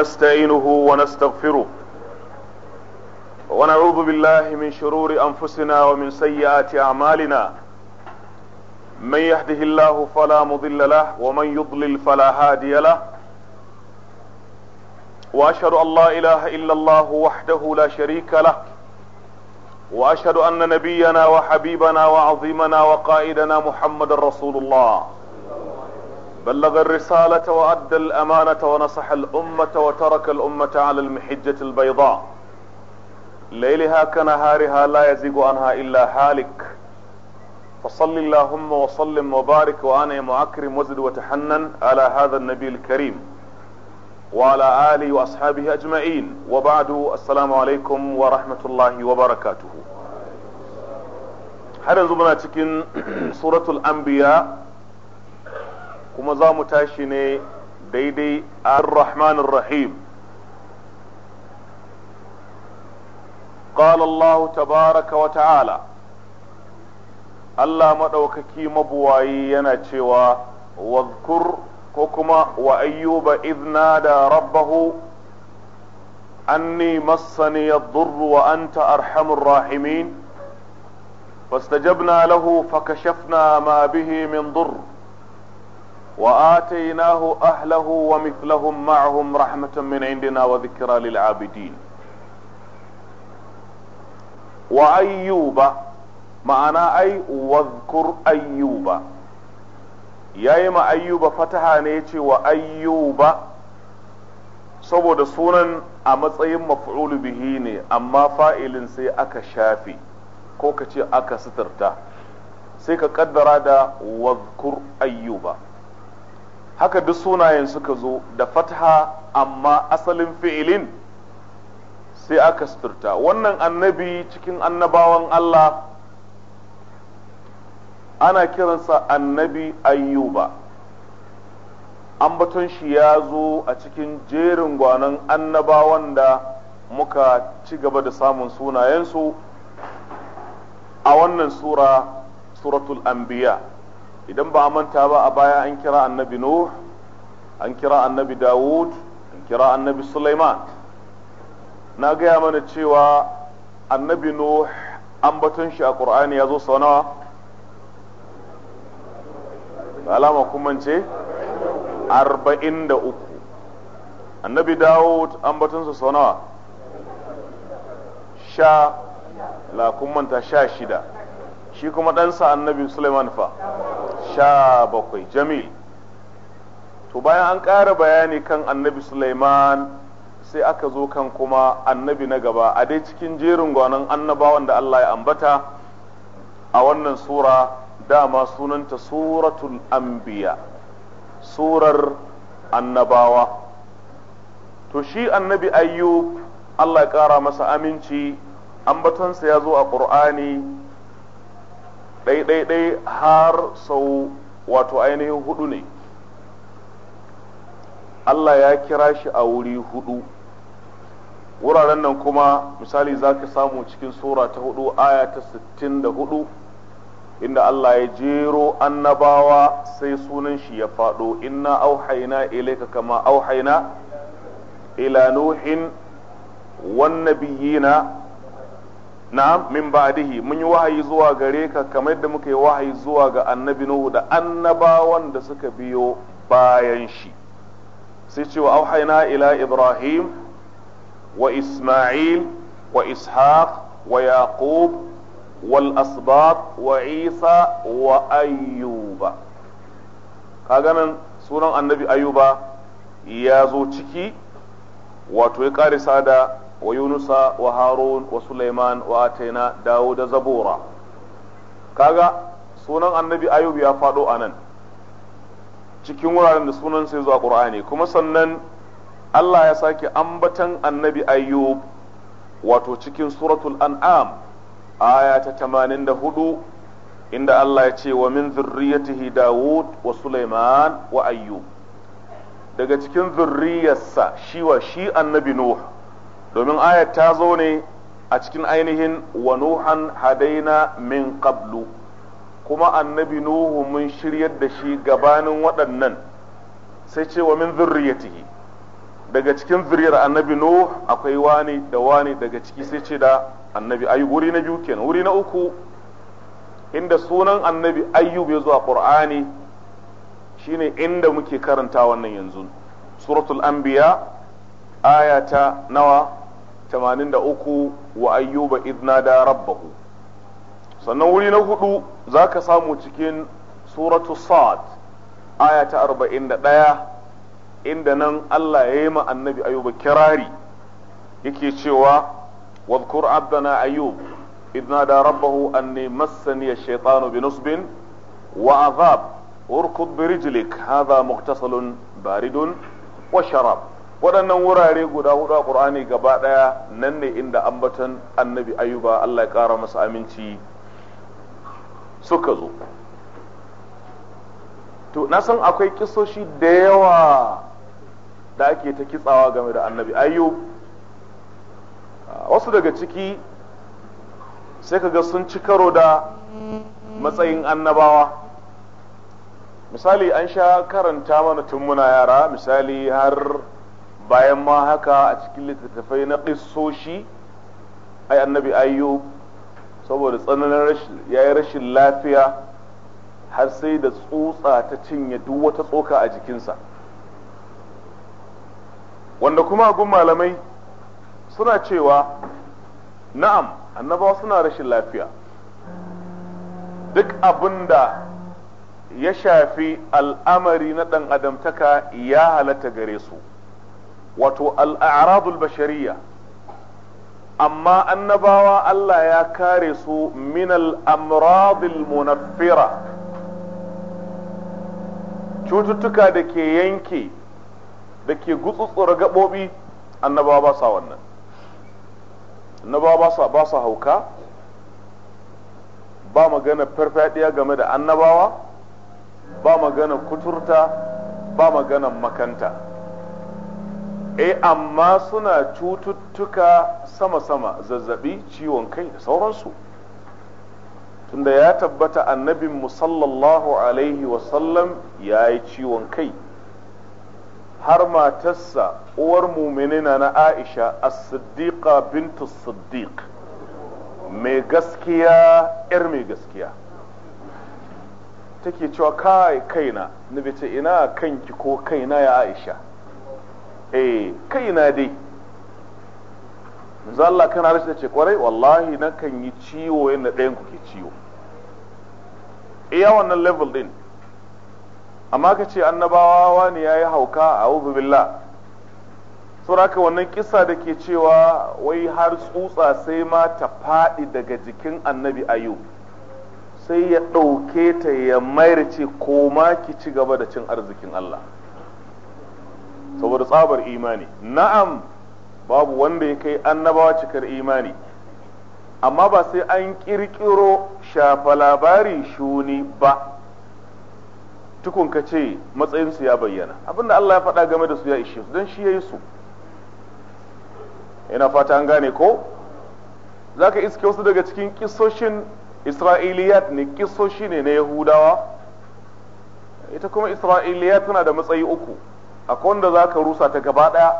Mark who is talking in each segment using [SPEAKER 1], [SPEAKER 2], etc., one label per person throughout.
[SPEAKER 1] ونستعينه ونستغفره ونعوذ بالله من شرور أنفسنا ومن سيئات أعمالنا من يهده الله فلا مضل له ومن يضلل فلا هادي له وأشهد أن لا إله إلا الله وحده لا شريك له وأشهد أن نبينا وحبيبنا وعظيمنا وقائدنا محمد رسول الله بلغ الرسالة وأدى الأمانة ونصح الأمة وترك الأمة على المحجة البيضاء ليلها كنهارها لا يزيغ عنها إلا هالك فصل اللهم وسلم وبارك وأنا معكرم وزد وتحنن على هذا النبي الكريم وعلى آله وأصحابه أجمعين وبعد السلام عليكم ورحمة الله وبركاته زبنا تكن سورة الأنبياء kuma za mu tashi ne daidai ar-rahman rahim قال الله تبارك وتعالى Allah maɗaukaki mabuwayi yana cewa wadhkur ko kuma wa ayyuba idna da rabbahu anni massani yadurru wa anta arhamur rahimin fastajabna lahu fakashafna ma bihi min durr وآتيناه أهله ومثلهم معهم رحمة من عندنا وذكرى للعابدين وأيوب معنى أي واذكر أيوب yayi ma ayyuba fataha ne ya ce wa ayyuba saboda sunan a matsayin maf'ulu bihi ne amma fa'ilin sai aka shafe ko kace aka sitarta sai ka kaddara da wadkur ayyuba haka duk sunayen suka zo da fatha amma asalin fi'ilin sai aka sturta wannan annabi cikin annabawan Allah ana kiransa annabi ayyuba ambaton shi ya zo a cikin jerin gwanon annabawan da muka ci gaba da samun sunayensu a wannan sura suratul anbiya idan ba a manta ba a baya an kira annabi nuh an kira annabi dawud an kira annabi sulaiman na gaya mana cewa annabi nuh ambaton shi a ƙur'ani ya zo sau nawa alama kuma ce arba'in da uku annabi dawud ambaton sau nawa sha la kun manta sha shida shi kuma ɗansa annabi Suleiman fa sha bakwai jamil to bayan an ƙara bayani kan annabi Suleiman sai aka zo kan kuma annabi na gaba a dai cikin jerin gwanon annabawan da Allah ya ambata a wannan sura dama sunanta Suratun anbiya surar annabawa to shi annabi ayyub Allah ya ƙara masa aminci ambatonsa ya zo a ƙur'ani ɗaiɗaiɗai har sau wato ainihin hudu ne Allah ya kira shi a wuri hudu wuraren nan kuma misali za ka samu cikin sura ta hudu aya ta sittin da hudu inda Allah ya jero annabawa sai sunan shi ya faɗo inna auhaina ilaika kama auhaina ila nuhin wan na'am min ba'dihi mun yi wahayi zuwa gare ka kamar yadda muka yi wahayi zuwa ga annabi nuhu da annabawan da suka biyo bayan shi sai ce wa auhayna ila ibrahim wa isma'il wa ishaq wa yaqub wal asbat wa isa wa ayyuba kaga nan sunan annabi ayyuba ya zo ciki wato ya karisa da wa yunusa wa harun wa sulaiman wa ataina dawo da zabura kaga sunan annabi ayub ya faɗo anan cikin wuraren da sunan sai zuwa ƙur'ani kuma sannan allah ya sake ambatan annabi ayub wato cikin suratul an'am aya ta hudu inda allah ya ce wa min zurriyatihi dawud wa sulaiman wa ayyub daga cikin zurriyarsa shi wa shi annabi nuh domin ayat ta zo ne a cikin ainihin wa nuhan hadaina min qablu kuma annabi nuhu mun shiryar da shi gabanin waɗannan sai ce wa min zurriyatihi daga cikin zuriyar annabi nuhu akwai wani da wani daga ciki sai ce da annabi ayu wuri na biyu kenan wuri na uku inda sunan annabi ayyub ya zuwa qur'ani shine inda muke karanta wannan yanzu suratul anbiya ayata nawa 83 wa ayyuba idna da rabbahu sannan wuri na hudu za ka samu cikin suratu ayata arba'in da ɗaya inda nan Allah ya yi ma annabi ayyuba kirari yake cewa wadkur abdana ayyub idna da rabbahu anni massani ya shaitanu wa azab urkud birijlik rijlik hadha muhtasalun baridun wa sharab waɗannan wurare guda hudu a ƙur'ani gaba ɗaya nan ne inda ambaton annabi ayuba Allah ya ƙara masa aminci suka zo to na san akwai kisoshi da yawa da ake ta kitsawa game da annabi ayub wasu daga ciki sai kaga sun ci karo da matsayin annabawa misali an sha karanta mana tun muna yara misali har bayan ma haka a cikin littattafai na ƙisoshi ai annabi ayyub saboda tsananin ya yi rashin lafiya har sai da tsutsa ta cinye duk wata tsoka a jikinsa wanda kuma abin malamai suna cewa na'am annabawa suna rashin lafiya duk abin da ya shafi al'amari na ɗan adamtaka ya halatta gare su wato alarabul bashariya amma annabawa Allah ya kare su min al'amradil munaffira cututtuka da ke yanke da ke gutsutsura gaɓoɓi annabawa ba sa wannan annabawa ba sa hauka ba magana farfadiya game da annabawa ba magana kuturta ba magana makanta eh amma suna cututtuka sama-sama zazzabi ciwon kai da sauransu tunda ya tabbata annabin musallallahu alaihi wasallam ya yi ciwon kai har matarsa uwar muminina na aisha as-siddiqa bintu siddiq mai gaskiya yar mai gaskiya take cewa kai kaina nabi ce ina kanki ko kaina ya aisha eh kai na dai manzo Allah kana da ce kwarai wallahi na kan yi ciwo yadda ɗayan ku ke ciwo iya wannan level din amma ka ce annabawa wani ya yi hauka a billah sauraka wannan kisa da ke cewa wai har tsutsa sai ma ta faɗi daga jikin annabi ayu sai ya ɗauke ta ya mayar ce koma ki ci gaba da cin arzikin Allah saboda tsabar imani na'am babu wanda ya kai annabawa cikar imani amma ba sai an kirkiro shafa labari shuni ba tukun ka ce matsayinsu ya bayyana abinda Allah ya faɗa game da su ya ishe su don shi ya yi su ina fata an gane ko za ka iske wasu daga cikin kisoshin isra'iliyat ne kisoshi ne na yahudawa ita kuma isra'iliyat tana da matsayi uku akwai wanda za ka rusa ta gaba ɗaya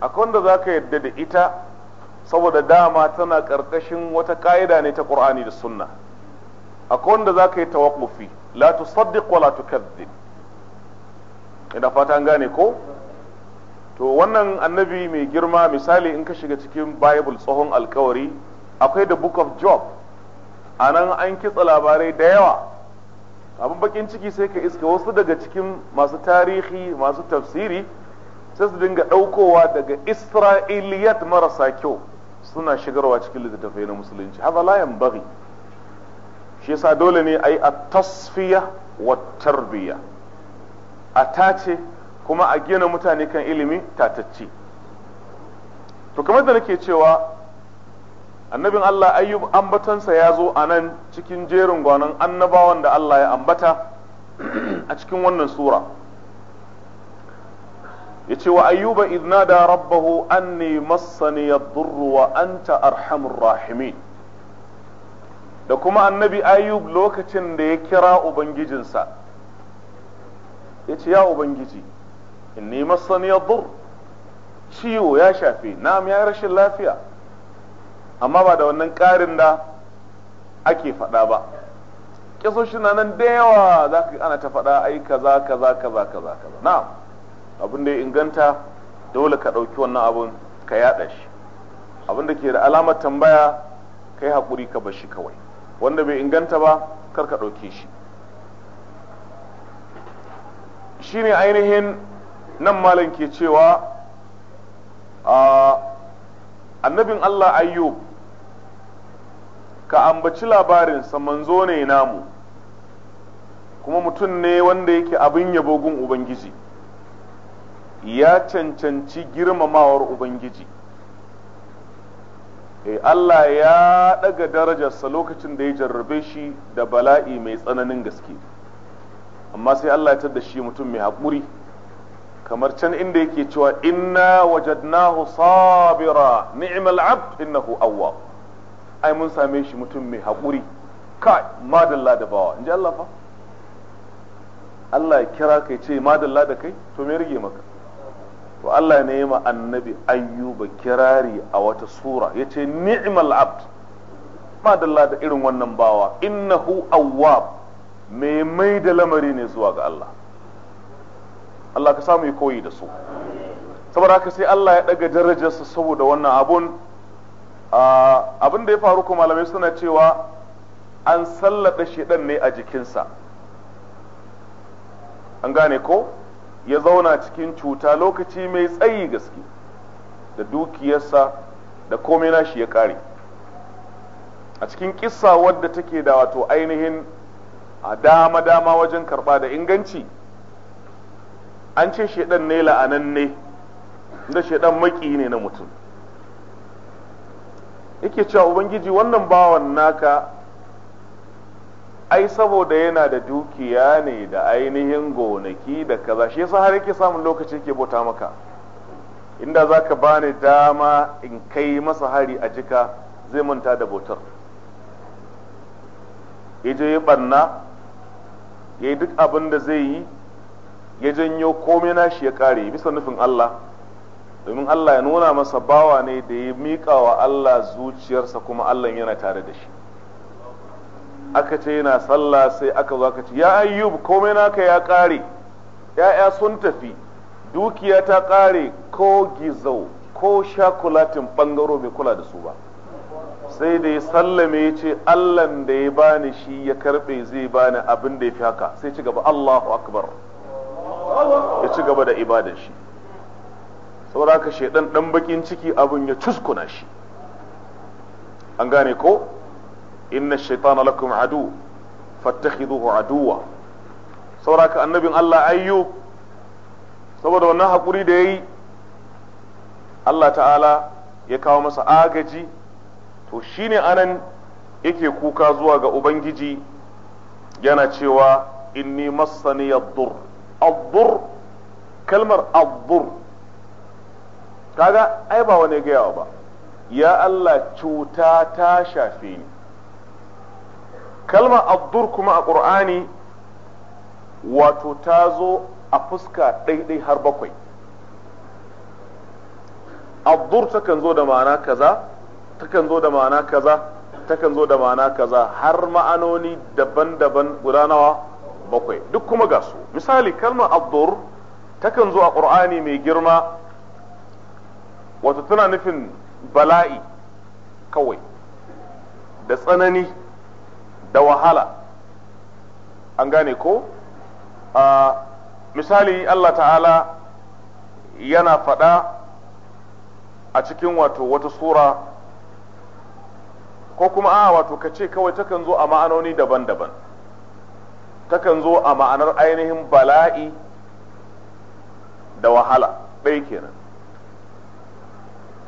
[SPEAKER 1] akwai wanda za ka yadda da ita saboda dama tana ƙarƙashin wata ƙa'ida ne ta ƙur'ani da sunna akwai wanda za ka yi tawakufi la tusaddiq wa la tukadzib ina fata an gane ko to wannan annabi mai girma misali in ka shiga cikin bible tsohon alkawari akwai da book of job anan an kitsa labarai da yawa abin bakin ciki sai ka iska wasu daga cikin masu tarihi masu tafsiri sai su dinga ɗaukowa daga isra'iliyat marasa kyau suna shigarwa cikin littattafai na musulunci haza layan bari shi yasa dole ne a yi a tasfiya wa tarbiya a tace kuma a gina mutane kan ilimi tatacce to kamar da nake cewa annabin Allah ayyub ambatansa ya zo a nan cikin jerin gwanon annabawan da Allah ya ambata a cikin wannan sura ya ce wa ayyuba da rabbahu anni massani yadurru wa anta arhamur rahimin da kuma annabi ayyub lokacin da ya kira ubangijinsa ya ce ya ubangiji inni massani yadur ciwo ya shafe na'am ya rashin lafiya amma ba da wannan ƙarin da ake faɗa ba kisoshi na nan da yawa za ka ana ta faɗa ai kaza kaza kaza kaza kaza na abin da ya inganta dole ka ɗauki wannan abun ka yaɗa shi abin da ke da alamar tambaya ka yi haƙuri ka bashi kawai wanda bai inganta ba kar ka ɗauke shi shine ainihin nan malam ke cewa annabin Allah ayyub ka ambaci labarin manzo ne namu kuma mutum ne wanda yake abin yabo gun ubangiji ya cancanci girmamawar ubangiji e Allah ya daga darajarsa lokacin da ya jarrabe shi da bala'i mai tsananin gaske amma sai Allah ya da shi mutum mai haƙuri kamar can inda yake cewa inna wajadnahu sabira ni'mal abd innahu awwab ai mun same shi mutum mai haƙuri kai madalla da bawa in ji Allah fa Allah ya kira kai ce madalla da kai to me rige maka to Allah ne ya ma annabi ayyuba kirari a wata sura ya ce ni'mal abd madalla da irin wannan bawa innahu awwab mai mai da lamari ne zuwa ga Allah Allah ka samu yi koyi da su saboda haka sai Allah ya daga darajarsa saboda wannan abun abin da ya faru kuma malamai suna cewa an sallada shedan ne a jikinsa an gane ko ya zauna cikin cuta lokaci mai tsayi gaske da dukiyarsa da komai shi ya kare a cikin kissa wadda take da wato ainihin a dama-dama wajen karɓa da inganci an ce shedan ne la'ananne da shedan maki ne na mutum yake cewa ubangiji wannan bawan naka ai saboda yana da dukiya ne da ainihin gonaki da kaza shi yasa har yake samun lokaci yake bota maka inda za ka bani dama in kai masa hari a jika zai manta da botar. ya je banna ya yi duk abin da zai yi ya janyo komai na shi ya kare bisa nufin Allah domin Allah ya nuna masa bawa ne da ya miƙa wa Allah zuciyarsa kuma Allah yana tare da shi aka ce yana sallah sai aka zo aka ce ya ayyub komai naka ya ƙare ya'ya sun tafi dukiya ta ƙare ko gizau ko shakulatin ɓangaro bai kula da su ba sai da ya sallame ya ce Allah da ya bani shi ya karɓe zai bani abin da ya fi haka sai ci gaba Allahu akbar ya ci gaba da ibadar shi saboda haka shaidan dan bakin ciki abin ya cuskuna shi an gane ko inna shaitana lakum adu fattakhiduhu aduwa saboda haka annabin Allah ayyub saboda wannan hakuri da yayi Allah ta'ala ya kawo masa agaji to shine anan yake kuka zuwa ga ubangiji yana cewa inni massani ad-dur kalmar ad kaga ai ba wani gayawa ba ya Allah cuta ta shafe ni kalma abdur kuma a ƙur'ani wato ta zo a fuska ɗaiɗai har bakwai abdur takan zo da ma'ana kaza takan zo da ma'ana kaza takan zo da ma'ana kaza har ma'anoni daban-daban guda nawa bakwai duk kuma ga su misali kalma abdur takan zo a ƙur'ani mai girma wato tana nufin bala'i kawai da tsanani da wahala an gane ko a misali Allah ta'ala yana faɗa a cikin wato wata sura ko kuma a wato ka ce kawai takan zo a ma'anoni daban-daban takan zo a ma'anar ainihin bala'i da wahala ɗaya kenan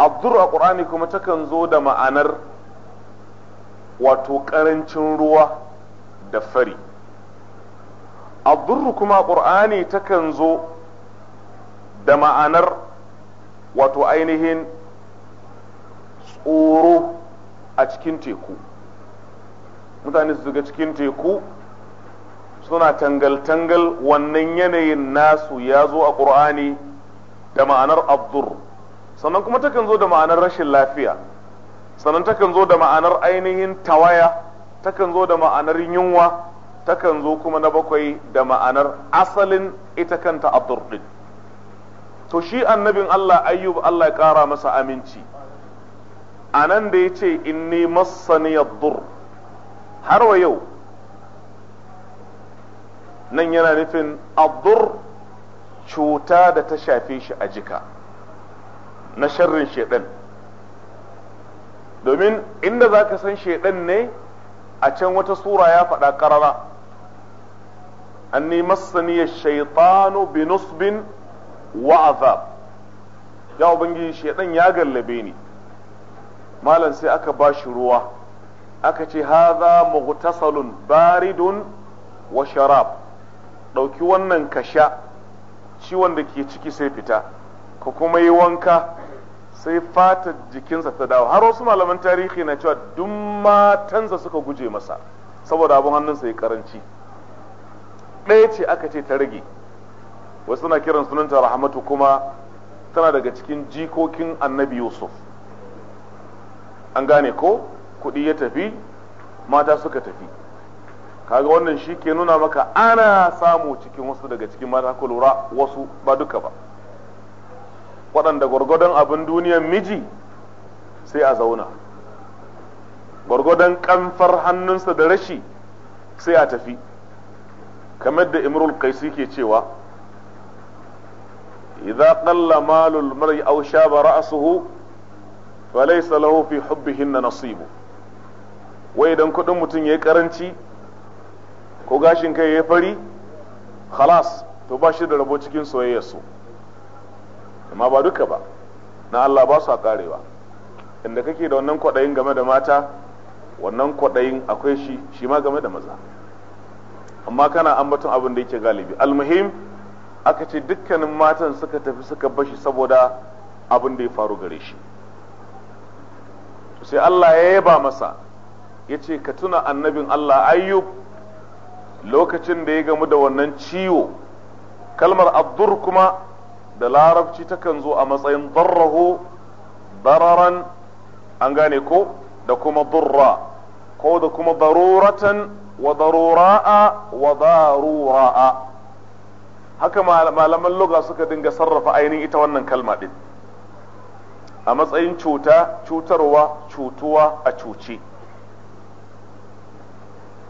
[SPEAKER 1] abdur a ƙur'ani kuma takan zo da ma'anar wato ƙarancin ruwa da fari abdur kuma a ƙur'ani takan zo da ma'anar wato ainihin tsoro a cikin teku mutane su ga cikin teku suna tangal-tangal wannan yanayin nasu ya zo a ƙur'ani da ma'anar abdur sannan kuma takan zo da ma'anar rashin lafiya sannan takan zo da ma'anar ainihin tawaya takan zo da ma'anar yunwa takan zo kuma na bakwai da ma'anar asalin ita kanta abdul din to shi annabin Allah ayyub Allah ya kara masa aminci a nan da ya ce inni massani dur har wa yau nan yana nufin abdur cuta da ta shafe shi a jika na sharrin shaidan domin inda za ka san shaidan ne a can wata sura ya faɗa ƙarara anni masaniya shaitanu binus bin wa azab ya ubangiji shaidan ya gallabe ni malam sai aka ba shi ruwa aka ce haza bari baridun wa sharab ɗauki wannan ka sha ciwon da ke ciki sai fita ka kuma yi wanka sai fatar jikinsa ta dawo har wasu malaman tarihi na cewa duk matansa suka guje masa saboda abin hannunsa ya karanci ɗaya ce aka ce ta rage wasu na kiran sunanta rahmatu kuma tana daga cikin jikokin annabi yusuf an gane ko kuɗi ya tafi mata suka tafi kaga wannan shi ke nuna maka ana samu cikin wasu daga cikin mata kulura wasu ba duka ba waɗanda gwargwadon abin duniyan miji sai a zauna gwargwadon kamfar hannunsa da rashi sai a tafi kamar da imrul qaisi ke cewa idza qalla malul mar'i aw shaba ra'suhu falaysa lahu fi hubbihinna nasibu wai idan kudin mutum yayi karanci ko gashin kai yayi fari khalas to ba shi da rabo cikin soyayyarsu su amma ba duka ba na Allah ba a karewa inda kake da wannan kwaɗayin game da mata wannan kwaɗayin akwai shi shi ma game da maza amma kana ambaton abin da yake galibi almuhim aka ce dukkanin matan suka tafi suka bashi saboda abin da ya faru gare shi sai Allah ya yaba masa ya ce ka tuna annabin Allah ayyub lokacin da ya gamu da wannan ciwo kalmar abdur kuma da larabci takan zo a matsayin darrahu dararan an gane ko da kuma durra ko da kuma daruratan wa darura'a wa darura'a haka malaman loga suka dinga sarrafa ainihin ita wannan kalma din a matsayin cuta cutarwa cutuwa a cuci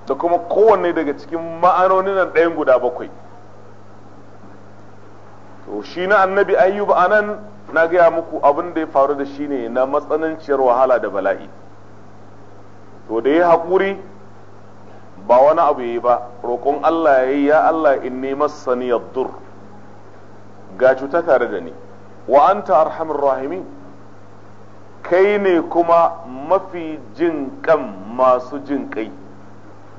[SPEAKER 1] da kuma kowanne daga cikin ma'anonin nan ɗayan guda bakwai to shi na annabi ayyub anan na gaya muku abin da ya faru da shi ne na matsananciyar wahala da bala'i to da ya haƙuri ba wani abu yi ba roƙon Allah ya yi ya Allah in ne masani dur ga cuta tare da ni wa'anta anta arhamar rahimi kai ne kuma mafi jin kan masu jin kai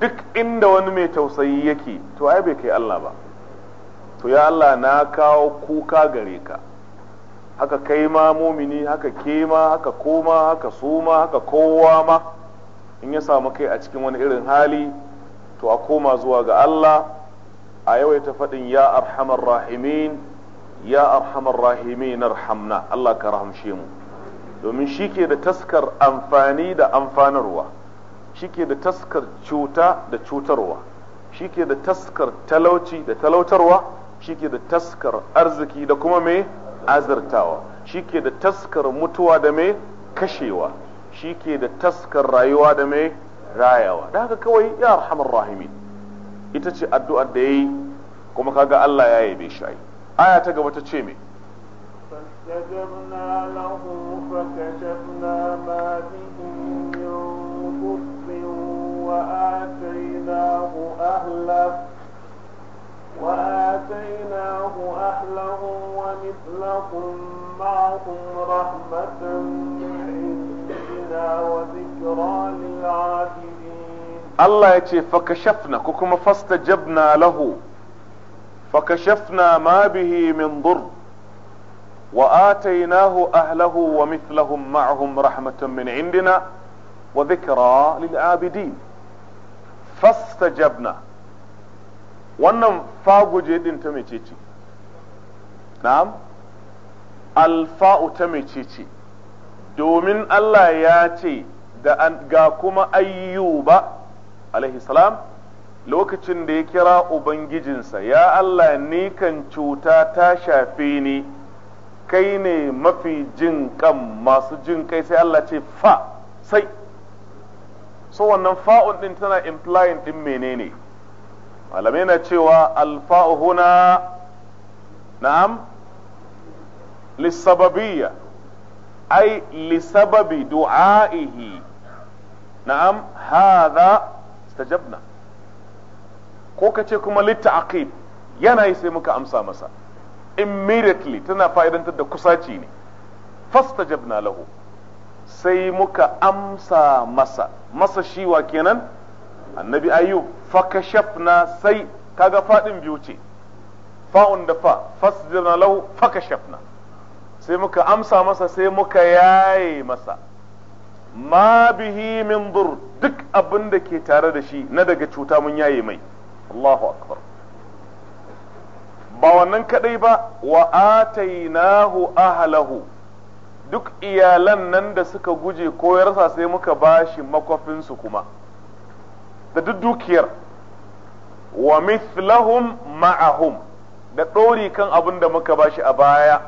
[SPEAKER 1] duk inda wani mai tausayi yake to ai bai kai Allah ba to ya Allah na kawo kuka gare ka haka kai ma mumini haka ke ma haka koma haka su haka kowa ma in ya samu kai a cikin wani irin hali to a koma zuwa ga Allah a yawaita faɗin ya arhamar rahimin ya arhamar rahimin arhamna Allah ka rahamshe mu domin shi ke da taskar amfani da amfanarwa shi ke da taskar cuta da cutarwa shi ke da taskar talauci da talautarwa shi ke da taskar arziki da kuma mai azurtawa shi ke da taskar mutuwa da mai kashewa shi ke da taskar rayuwa da mai rayawa da haka kawai ya rahamar rahimin ita ce addu'ar da ya yi kuma kaga Allah ya yi shi ai aya ta gaba ta ce me
[SPEAKER 2] فاستجبنا
[SPEAKER 1] وآتيناه أهله وآتيناه أهله ومثلهم معهم رحمة من عندنا وذكرى للعابدين الله يتي فكشفنا ككما فاستجبنا له فكشفنا ما به من ضر وآتيناه أهله ومثلهم معهم رحمة من عندنا وذكرى للعابدين فاستجبنا wannan faguje din ta ce na'am alfa'u ta ce domin Allah ya ce da ga kuma ayyuba alaihi salam lokacin da ya kira ubangijinsa ya Allah ni kan cuta ta shafe ni kai ne mafi jin kan masu jin kai sai Allah ce fa sai so wannan fa'un din tana implying din menene malamai na cewa alfa'u huna na'am lissababiyya ai lissababi du'a'ihi na'am hadha istajabna ko ka ce kuma litta'aqib yana yi sai muka amsa masa immediately tana fa'idantar da kusaci ne fastajabna lahu sai muka amsa masa masa shiwa kenan annabi ayyub kashafna sai kaga fadin biyu ce fa'un da fa fasdirna lahu kashafna sai muka amsa masa sai muka yaye masa ma bihi min dur duk abin da ke tare da shi na daga cuta mun yaye mai Allahu akbar ba wannan kadai ba wa atainahu ahlahu duk iyalan nan da suka guje ko ya sai muka bashi makwafinsu kuma da duk dukiyar wa mithlahum ma'ahum da ɗori kan abin da muka bashi a baya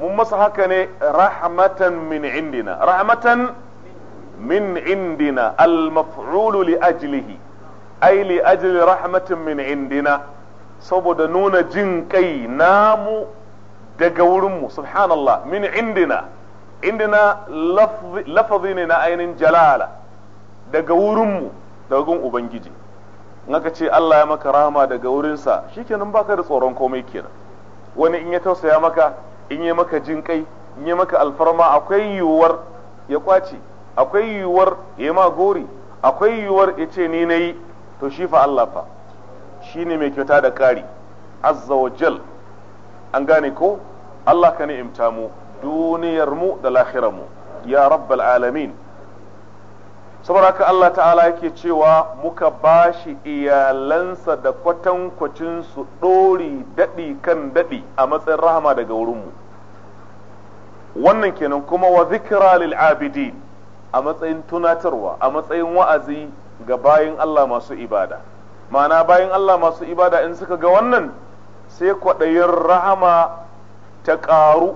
[SPEAKER 1] mun masa haka ne rahmatan min indina rahmatan min indina al-maf'ulu li ajlihi ay li ajli rahmatin min indina saboda nuna jin kai namu daga wurinmu subhanallah min indina indina lafazi ne na ainihin jalala daga wurinmu daga gun ubangiji in aka ce Allah ya maka rahama daga wurinsa shikenan baka da tsoron komai kenan wani in ya tausaya maka in ya maka jin kai in ya maka alfarma akwai yiwuwar ya kwace akwai yiwuwar ya ma gori akwai yiwuwar ya ce ni nayi to shi fa Allah fa shine mai kyauta da kari azza wa jal an gane ko Allah ka ni'imta mu duniyar mu da lahirar mu ya rabbal alamin saboda haka Allah ta'ala yake cewa muka bashi iyalansa da kwatankwacin su ɗori daɗi kan daɗi a matsayin rahama daga wurinmu wannan kenan kuma wa zikira lil abidin a matsayin tunatarwa a matsayin wa'azi ga bayin Allah masu ibada ma'ana bayin Allah masu ibada in suka ga wannan sai kwaɗayin rahama ta ƙaru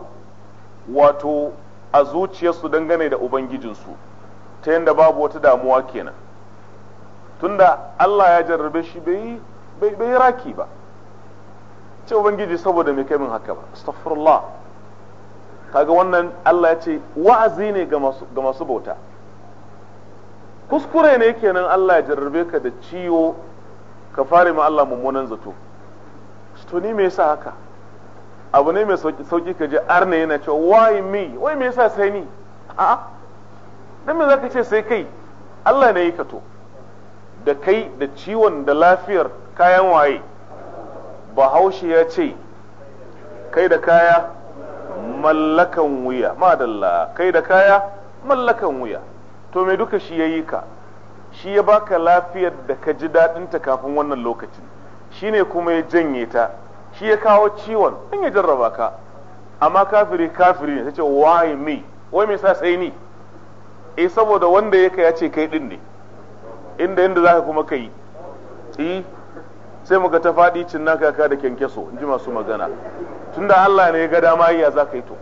[SPEAKER 1] wato a zuciyarsu dangane da ubangijinsu ta yadda babu wata damuwa kenan tunda Allah ya jarrabe shi bai bai raki ba ce ubangiji saboda mai kai min haka ba astaghfirullah kaga wannan Allah ya ce wa'azi ne ga masu bauta kuskure ne kenan Allah ya jarrabe ka da ciwo ka fare ma Allah mummunan zato to ni me yasa haka abu ne mai sauki ka je arna yana cewa why me wai me yasa sai ni a'a dan me zaka ce sai kai Allah ne ka to da kai da ciwon da lafiyar kayan waye bahaushe ya ce kai da kaya mallakan wuya madalla kai da kaya mallakan wuya to me duka shi yayi ka shi ya baka lafiyar da ka ji daɗinta kafin wannan lokaci shi ne kuma ya janye ta shi ya kawo ciwon in ya jarraba ka amma kafiri kafiri ne ta ce why me wai me sa sai ni eh saboda wanda ya ya ce kai din ne inda inda zaka kuma kai eh sai muka ta faɗi cin naka ka da kyankyaso in ji masu magana tunda Allah ne ya ga dama iya zaka yi to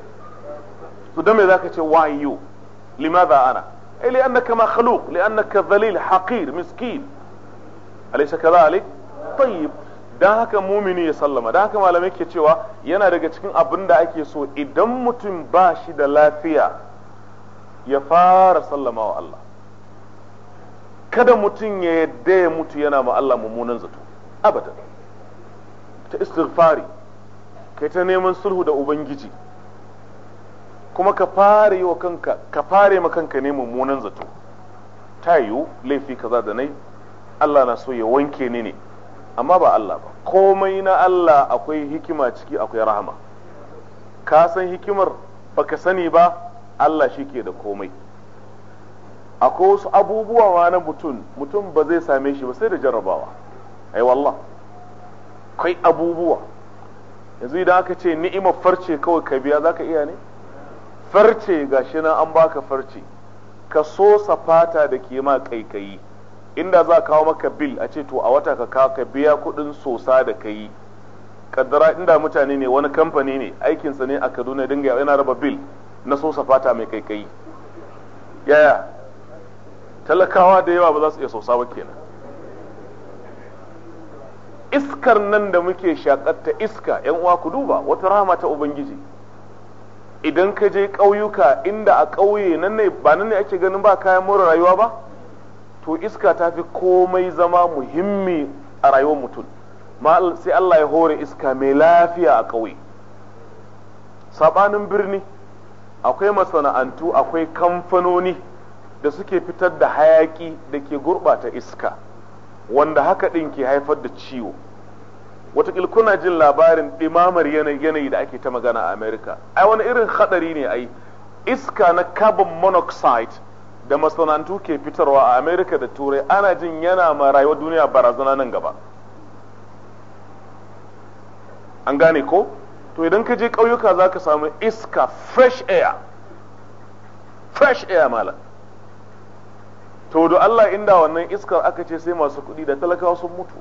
[SPEAKER 1] to dan me zaka ce why you limadha ana eh li annaka makhluq li annaka dhalil haqir miskin alaysa kadhalik tayyib dan haka mumini ya sallama dan haka malamai ke cewa yana daga cikin abin da ake so idan mutum ba shi da lafiya ya fara sallama wa Allah kada mutum ya yadda ya mutu yana ma Allah mummunan zato abada ta istighfari kai ta neman sulhu da ubangiji kuma ka fare wa kanka ka fare ma kanka ne mummunan zato ta yiwu laifi kaza da nai Allah na so ya wanke ni ne amma ba Allah ba komai na Allah akwai hikima ciki akwai rahama ka san hikimar baka sani ba Allah shi ke da komai akwai wasu abubuwa ma na mutum mutum ba zai same shi ba sai da jarrabawa ai wallah kai abubuwa yanzu idan aka ce ni'imar farce kawai ka biya za ka iya ne farce gashi nan an baka farce ka so fata da ke ma kaikayi inda za kawo maka bil a ce to a wata ka kawo ka biya kudin sosa da ka yi kaddara inda mutane ne wani kamfani ne aikinsa ne a Kaduna dinga yana raba bil na sosa fata mai kaikayi yaya talakawa da yawa ba za su iya sosa ba kenan iskar nan da muke shakatta iska yan uwa ku duba wata rahama ta ubangiji idan ka je ƙauyuka inda a ƙauye nan ne ba nan ne ake ganin ba kayan more rayuwa ba to iska ta fi komai zama muhimmi a rayuwar mutum ma sai Allah ya hore iska mai lafiya a ƙauye saɓanin birni akwai masana'antu akwai kamfanoni da suke fitar da hayaki da ke gurɓata iska wanda haka ɗin ke haifar da ciwo watakil kuna jin labarin ɗimamar yanayi da ake ta magana a america ai wani irin haɗari ne ai iska na carbon monoxide da masana'antu ke fitarwa a amerika da turai ana jin yana ma rayuwar duniya barazana nan gaba an gane ko to idan ka je ƙauyuka za ka samu iska fresh air fresh air malam to do Allah inda wannan iskar aka ce sai masu kuɗi da talakawa sun mutu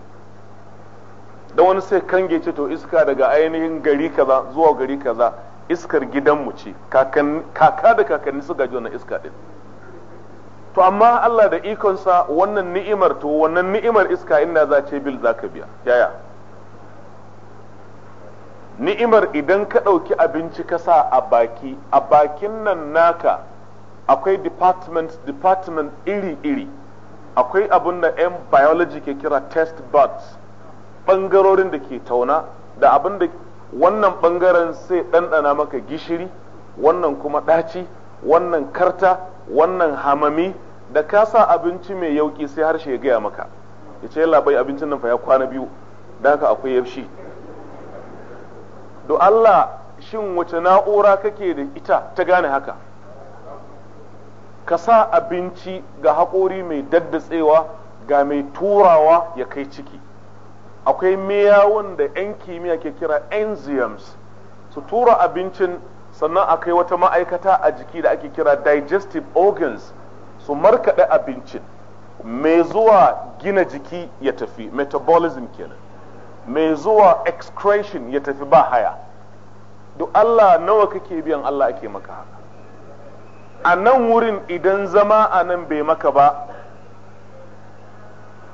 [SPEAKER 1] da wani sai kange ce to iska daga ainihin gari kaza zuwa gari kaza iskar gidanmu ce kaka da kakanni su gaji wannan iska din to amma Allah da ikonsa wannan ni'imar to wannan ni'imar iska inda za ce bil zaka biya yaya ni'imar idan ka ɗauki abinci ka sa a baki a bakin nan naka akwai department department iri-iri akwai abin da 'yan biology ke kira test buds ɓangarorin da ke tauna da abin da wannan ɓangaren sai ɗanɗana maka gishiri wannan kuma ɗaci wannan karta wannan hamami da ka sa abinci mai yauki sai harshe ya gaya maka ya ce labai abincin nan fa ya kwana biyu da haka akwai yaushe do Allah shin wace na'ura kake da ita ta gane haka ka sa abinci ga haƙori mai daddatsewa ga mai turawa ya kai ciki akwai miyawun da 'yan kimiyya ke kira enzymes su tura abincin sannan akwai wata ma'aikata a jiki da ake kira digestive organs su markaɗe abincin mai zuwa gina jiki ya tafi metabolism kenan mai zuwa excretion ya tafi ba haya duk Allah nawa kake biyan Allah ake maka haka a nan wurin idan zama a nan bai maka ba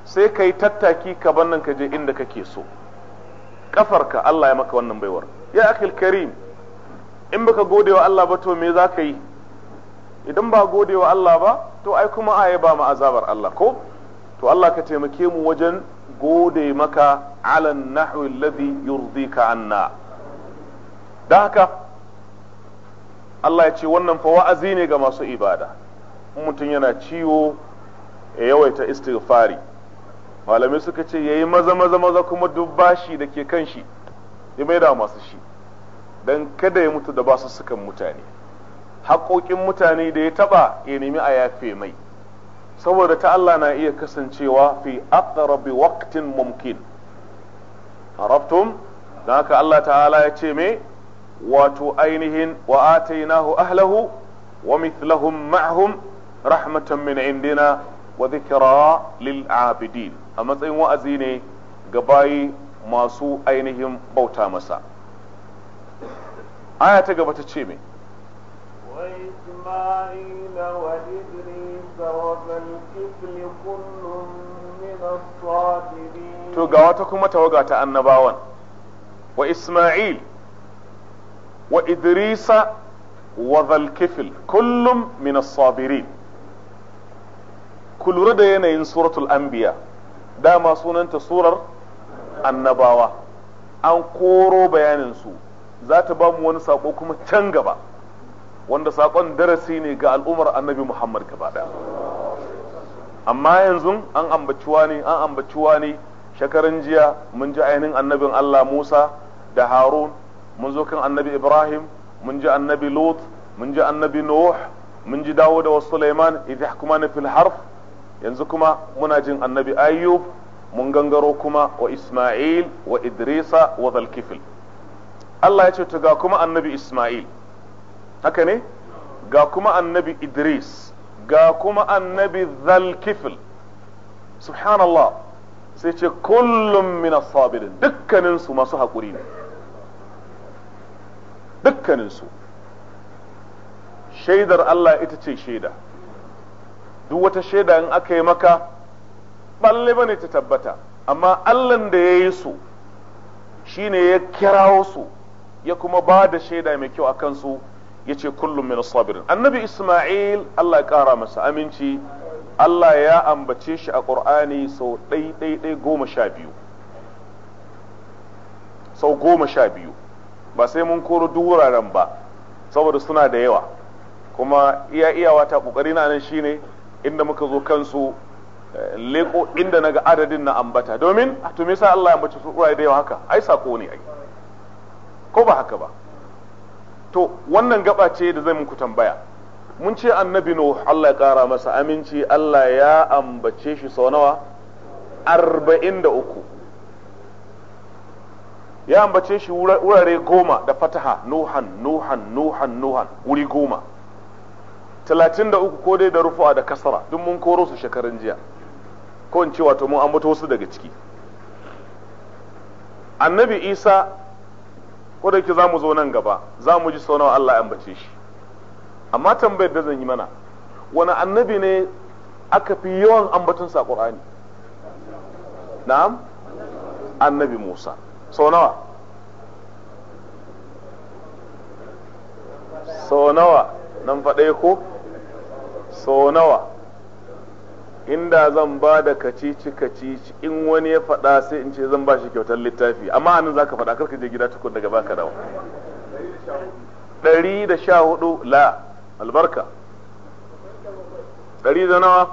[SPEAKER 1] sai ka yi tattaki ka nan ka je inda kake so kafarka Allah ya maka wannan baiwar ya akil karim in baka gode wa Allah ba to me za ka yi idan ba gode wa Allah ba to ai kuma aye ba mu azabar Allah ko to Allah ka taimake mu wajen gode maka alan nahwi alladhi ka anna da haka Allah ya ce wannan fa wa'azi ne ga masu ibada mutum yana ciwo ya yawaita istighfari malamai suka ce yayi maza maza maza kuma duk bashi da ke kan shi ya mai da masu shi dan kada ya mutu da basu sukan mutane haƙoƙin mutane da ya taba ya nemi a yafe mai saboda ta Allah na iya kasancewa fi aqrabi waqtin mumkin arabtum dan haka Allah ta'ala ya ce me wato ainihin wa atainahu ahlahu wa mithlahum ma'hum rahmatan min indina wa dhikra lil abidin a matsayin wa'azi ne ga bayi masu ainihin bauta masa aya ta gaba ta ce me وإسماعيل وإدريس وذا الكفل كل من الصابرين توغاتكم توغاتا النباوان وإسماعيل وإدريس وذا الكفل كل من الصابرين كل رد ينين سورة الأنبياء داما سننت سورة النباوة an koro bayaninsu za ta ba mu wani sako kuma can gaba wanda sakon darasi ne ga al'ummar annabi Muhammad gaba amma yanzu an ambaci wani an ambaci wani shekaran jiya mun ji ainihin annabin Allah Musa da Harun mun zo kan annabi Ibrahim mun ji annabi lot mun ji annabi Nuh mun ji dawo da wasu Sulaiman kuma na fil harf yanzu kuma muna jin annabi Ayyub mun gangaro kuma wa Isma'il wa Idrisa wa Zalkifil Allah ya ce to ga kuma annabi Isma'il haka ne ga kuma annabi idris ga kuma annabi zalkifil subhanallah sai ce kullum min sabirin dukkaninsu masu haƙuri ne dukkaninsu shaidar Allah ita ce shaida duk wata shaida in aka yi maka balle bane ta tabbata amma Allahn da ya yi su shine ya kirawo su ya kuma ba da shaida mai kyau a kansu ya ce kullum min sabirin annabi isma'il Allah ya kara masa aminci Allah ya ambace shi a ƙur'ani sau ɗaiɗaiɗai goma sha biyu sau goma sha biyu ba sai mun koro duk wuraren ba saboda suna da yawa kuma iya iyawa ta ƙoƙari na nan shine inda muka zo kansu eh, leko inda naga adadin na ambata domin to me yasa Allah ya ambace su da yawa haka ai sako ne ai ko ba haka ba to wannan gaba ce da zai muku tambaya mun ce annabi nuh Allah ya kara masa aminci Allah ya ambace shi sau nawa arba'in ya ambace shi wurare goma da fataha nuhan nuhan nuhan nuhan wuri goma talatin ko dai da rufuwa da kasara duk mun koro su shekarun jiya ko in ce wato mun ambato su daga ciki annabi isa ko da za mu zo nan gaba za mu ji sonawa Allah ya ambace shi amma tambayar da zan yi mana wani annabi ne aka fi yawan ambatun sa Qur'ani na'am annabi Musa sonawa. sonawa nan ko sonawa inda zan ba da kacici kacici in wani ya faɗa sai in ce zan ba shi kyautar littafi amma anan zaka faɗa karka je gida tukun daga baka dawo ɗari da sha hudu la albarka ɗari da nawa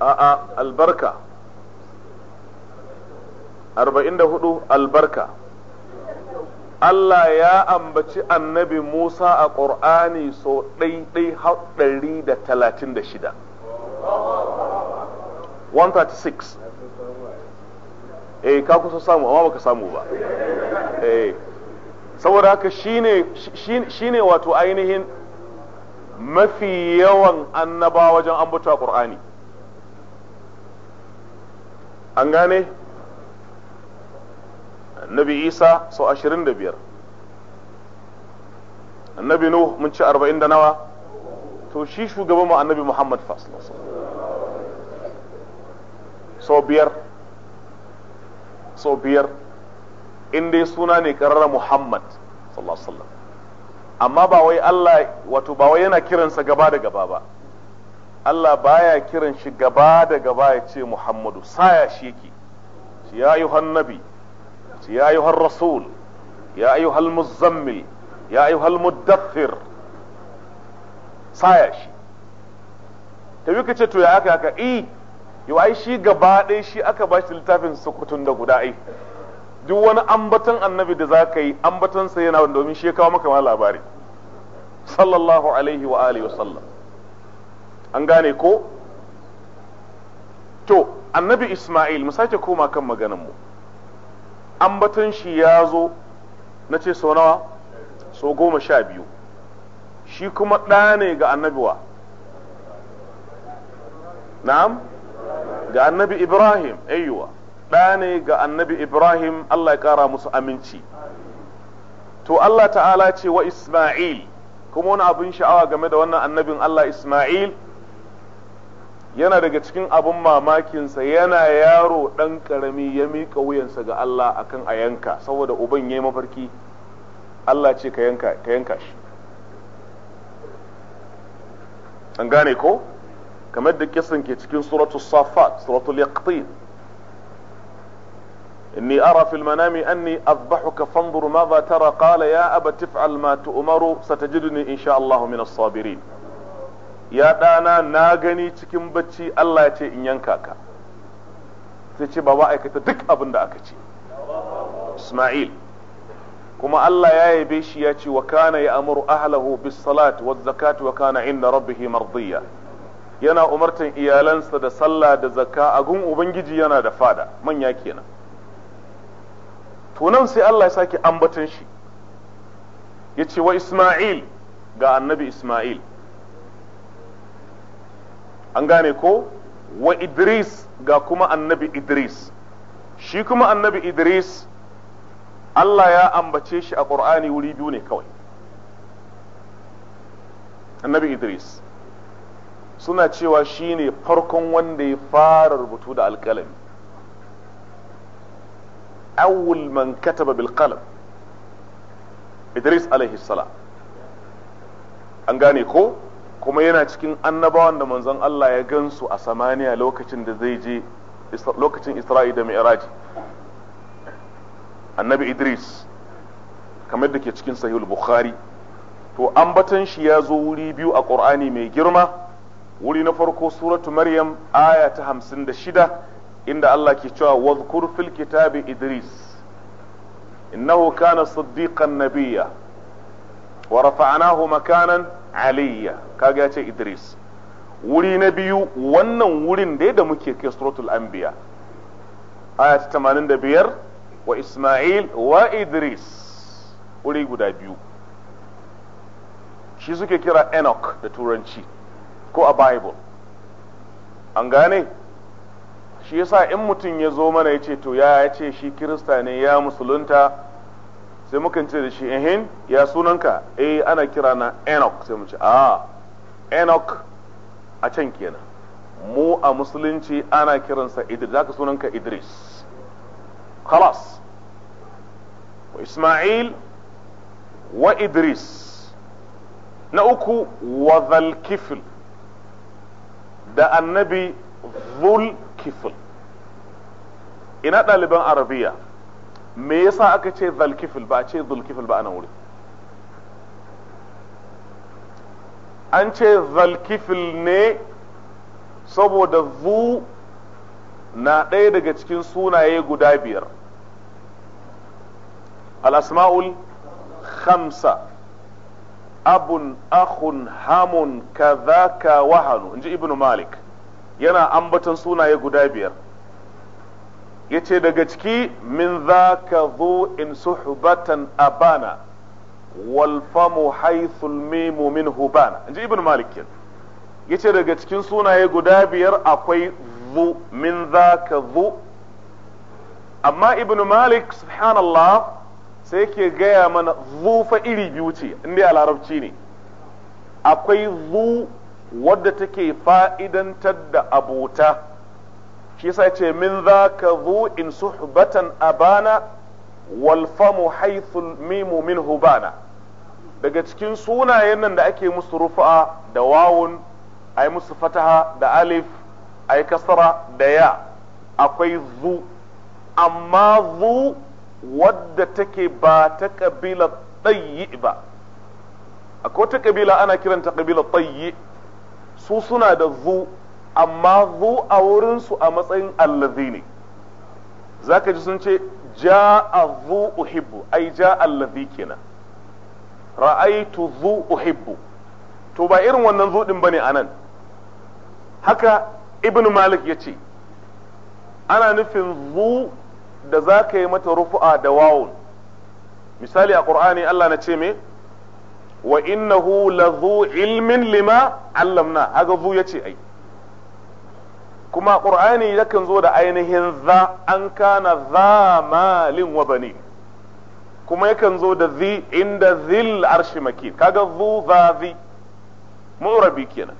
[SPEAKER 1] a'a albarka arba'in da hudu albarka Allah ya ambaci annabi Musa a ƙur'ani so ɗai ɗai ɗari da talatin da shida 136 eh ka kusa samu amma baka samu ba eh saboda haka shine shine wato ainihin mafi yawan annaba wajen ambata qur'ani an gane Nabi isa sau 25 annabi nuh mun ci 40 da nawa to shi shugaban mu annabi muhammad sallallahu alaihi wasallam sau biyar sau biyar in dai suna ne karara Muhammad sallallahu alaihi amma ba wai Allah wato ba wai yana kiransa gaba da gaba ba Allah baya kiran shi gaba da gaba ya ce Muhammadu saya shi yake shi ya ayyuhan nabi shi ya ayyuhan rasul ya ayyuhal muzammil ya ayyuhal muddathir saya shi ta yi ce to ya aka haka i yau ai shi gaba ɗaya shi aka ba shi littafin sukutun da guda ai duk wani ambaton annabi da za ka yi ambaton sa yana domin shi kawo maka ma labari sallallahu alaihi wa alihi wasallam an gane ko to annabi isma'il mu sake koma kan maganan mu ambaton shi ya zo na ce sau nawa sau goma sha biyu shi kuma ɗa ne ga annabiwa na'am ga annabi ibrahim ayyuwa ɗa ne ga annabi ibrahim allah ya kara musu aminci to allah ta'ala ce wa isma'il kuma wani abin sha'awa game da wannan annabin allah isma'il yana daga cikin abin mamakinsa yana yaro ɗan karami ya miƙa wuyansa ga allah akan a yanka saboda uban ya yi mafarki allah ce ka yanka shi an gane ko kamar da kisan ke cikin suratul safat suratul yaqtin inni ara fil manami anni azbahuka fanzur madha tara qala ya aba tif'al ma tu'maru satajiduni insha Allah min as-sabirin ya dana na gani cikin bacci Allah ya ce in yanka ka sai ce baba aikata duk abin da aka ce Isma'il kuma Allah ya yabe shi ya ce wa kana ya amuru ahlahu bis salati waz zakati wa kana inda rabbihi mardiya yana umartan iyalansa da sallah da zakka a gun ubangiji yana da fada manya kenan tunan sai Allah ya sake ambatan shi yace wa Isma'il ga annabi Isma'il an gane ko wa Idris ga kuma annabi Idris shi kuma annabi Idris Allah ya ambace shi a Qur'ani wuri biyu ne kawai annabi Idris suna cewa shine farkon wanda ya fara rubutu da alƙalami awul man kataba bil qalam Idris alaihi Sala. an gane ko kuma yana cikin annabawan da manzon Allah ya gansu a samaniya lokacin da zai je lokacin Isra'i da Mi'raji annabi Idris kamar da ke cikin sahihul Bukhari to ambatan shi ya zo wuri biyu a Qur'ani mai girma wuri na farko suratu maryam aya ta hamsin da shida inda Allah ke cewa wadhkur fil kitabi idris innahu kana siddiqan nabiyya wa rafa'nahu makanan aliyya kaga ya ce idris wuri na biyu wannan wurin dai da muke kai suratul anbiya aya ta 85 wa isma'il wa idris wuri guda biyu shi suke kira enoch da turanci ko a bible an gane shi yasa in mutum ya zo mana ya ce to ya ya ce shi kirista ne ya musulunta sai mukan ce da shi ehin ya sunanka eh ana kira na enoch sai mu ce a ah, enoch a can kenan mu a musulunci ana kiransa idris zaka sunanka idris خلاص وإسماعيل وإدريس نأكو وذا الكفل da annabi zulkifl ina ɗaliban arabiya me yasa aka ce zalkifil ba a ce zulkifil ba a nan wuri an ce zalkifil ne saboda zu na ɗaya daga cikin sunaye guda biyar al'asma'ul khamsa abun akhun hamun kazaka wahanu inji ibnu malik yana ambaton sunaye guda biyar yace daga ciki min zaka zo in suhbatan abana wal famu haythul mimu min hubana inji ibnu malik yace daga cikin sunaye guda biyar akwai zu min zaka zu amma ibnu malik subhanallah sai ke gaya mana zufa iri biyu ce inda a larabci ne akwai zu wadda take fa'idantar da abota shi sai ce min za ka zu in suhbatan abana walfamu haithul mimu min hubana daga cikin sunayen nan da ake musu rufa da wawun ai musu fataha da alif ai kasara da ya akwai zu amma zu wadda take ba ta kabila tsayi ba akwai wata kabila ana kiranta kabila tsayi su suna da zu amma zu a wurinsu a matsayin allazi ne za ji sun ce ja a zu uhibbu ai ja allazi kenan ra'aitu zu uhibbu to ba irin wannan zu din a nan haka ibn malik ya ce ana nufin zu da za ka yi mata rufu'a da wawun misali a ƙur'ani Allah na ce me wa innahu lazu ilmin lima allamna haga zu ya ce ai kuma ƙur'ani yakan zo da ainihin za an kana za malin wa bani kuma yakan zo da zi inda zil arshi makin kaga zu za zi mu'rabi kenan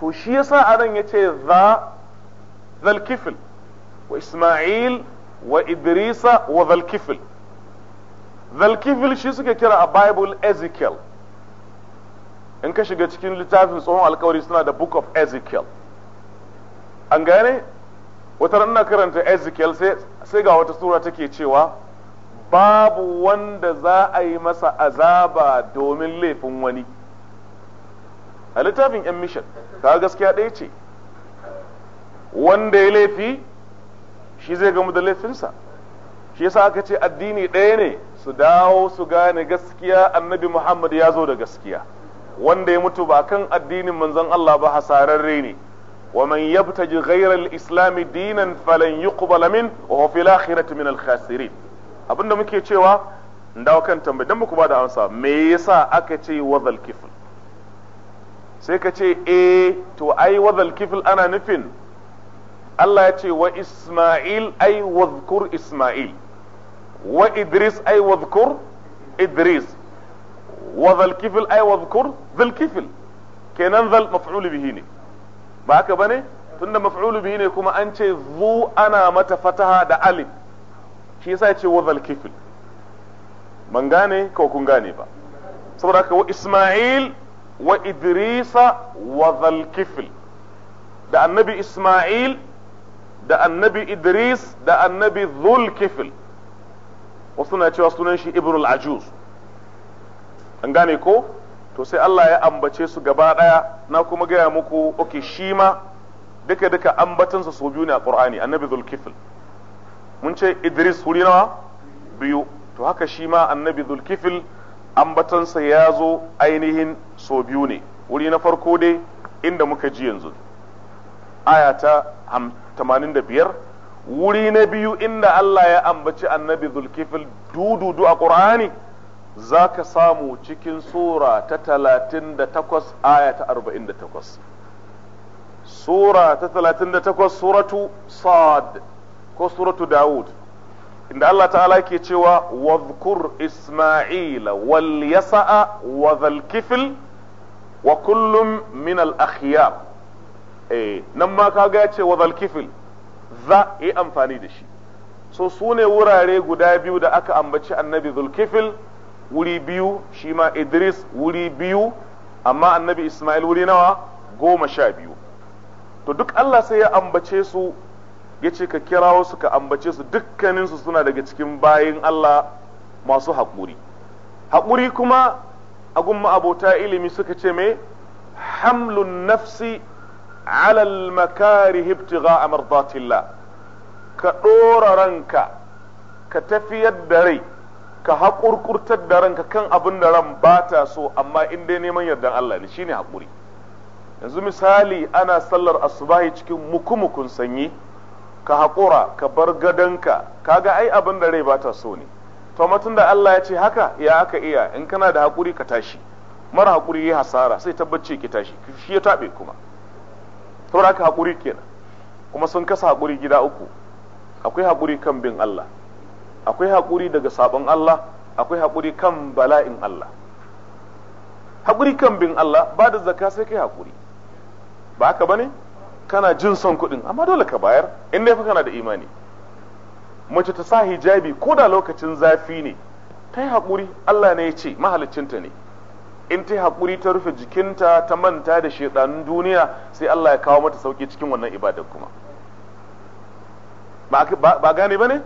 [SPEAKER 1] to shi yasa anan yace za zal wa isma'il wa idrisa wa zalkifil zalkifil shi suke kira a bible ezekiel in ka shiga cikin littafin tsohon alkawari suna da book of ezekiel an gane wata ranar karanta ezekiel sai ga wata sura take cewa babu wanda za a yi masa azaba domin laifin wani a littafin yan mission ta gaskiya ɗaya ce wanda ya laifi shi zai gamu da laifinsa shi yasa aka ce addini ɗaya ne su dawo su gane gaskiya annabi muhammad ya zo da gaskiya wanda ya mutu ba kan addinin manzon allah ba hasararre ne ومن يبتغي غير الإسلام دينا فلن يقبل منه وهو في الآخرة من الخاسرين abin da muke cewa dawo kan tambayi dan muku bada amsa me yasa aka ce wadhal kifl sai ka ce eh to ai wadhal kifl ana nufin Allah ya ce wa Ismail ai wadhkur Ismail wa Idris ai wadhkur Idris wa zalkifil ai wadhkur zalkifil kenan zal maf'ul bihi ne ba haka bane tunda maf'ul bihi ne kuma an ce zu ana mata fataha da alif shi yasa ya ce wa zalkifil man gane ko kun gane ba saboda haka wa Ismail wa Idrisa wa zalkifil da annabi Ismail da annabi Idris da annabi Zulkifil wasu na cewa sunan shi Ibn al-Ajuz an gane ko to sai Allah ya ambace su gaba daya na kuma gaya muku oke shi ma duka duka ambatansa su biyu ne a Qur'ani annabi Zulkifil mun ce Idris huri nawa biyu to haka shi ma annabi Zulkifil ambatansa ya zo ainihin so biyu ne wuri na farko dai inda muka ji yanzu aya ta 85 wuri na biyu inda Allah ya ambaci annabi zulkifil dududu a ƙur'ani za ka samu cikin sura ta 38 aya ta 48 sura ta 38 suratu Sa'ad ko suratu dawud inda Allah ta'ala ke cewa wadhkur isma'ila wal yasa'a wa dhal kifl wa kullum min al akhyar eh nan ma kaga ya ce wa zalkifil za yi amfani da shi so su ne wurare guda biyu da aka ambaci annabi zulkifil wuri biyu shi ma idris wuri biyu amma annabi ismail wuri nawa goma sha biyu to duk allah sai ya ambace su ya ce ka kira su ka ambace su dukkaninsu suna daga cikin bayin allah masu haƙuri haƙuri kuma a gumma abota ilimi suka ce mai hamlun nafsi على المكاره ابتغاء مرضات الله ka ɗora ranka ka tafiyar da rai ka haƙurƙurtar da ranka kan abin da ran ba ta so amma in neman Allah ne yanzu misali ana sallar asubahi cikin mukumukun sanyi ka haƙura ka bar gadonka kaga ai abin da rai ba ta so ne to mutum da Allah ya ce haka ya aka iya in kana da haƙuri ka tashi mara haƙuri ya hasara sai tabbace ki tashi shi ya taɓe kuma saboda haka haƙuri kenan kuma sun kasa haƙuri gida uku akwai haƙuri kan bin Allah akwai haƙuri daga sabon Allah akwai haƙuri kan bala'in Allah haƙuri kan bin Allah ba da zaka sai kai haƙuri ba haka bane kana jin son kuɗin amma dole ka bayar in dai kana da imani mace ta sa hijabi ko da lokacin zafi ne ta yi haƙuri Allah ne ya ce mahaliccinta ne in ta haƙuri ta rufe jikinta ta manta da shaidanun duniya sai Allah ya kawo mata sauki cikin wannan ibadar kuma ba gane ba ne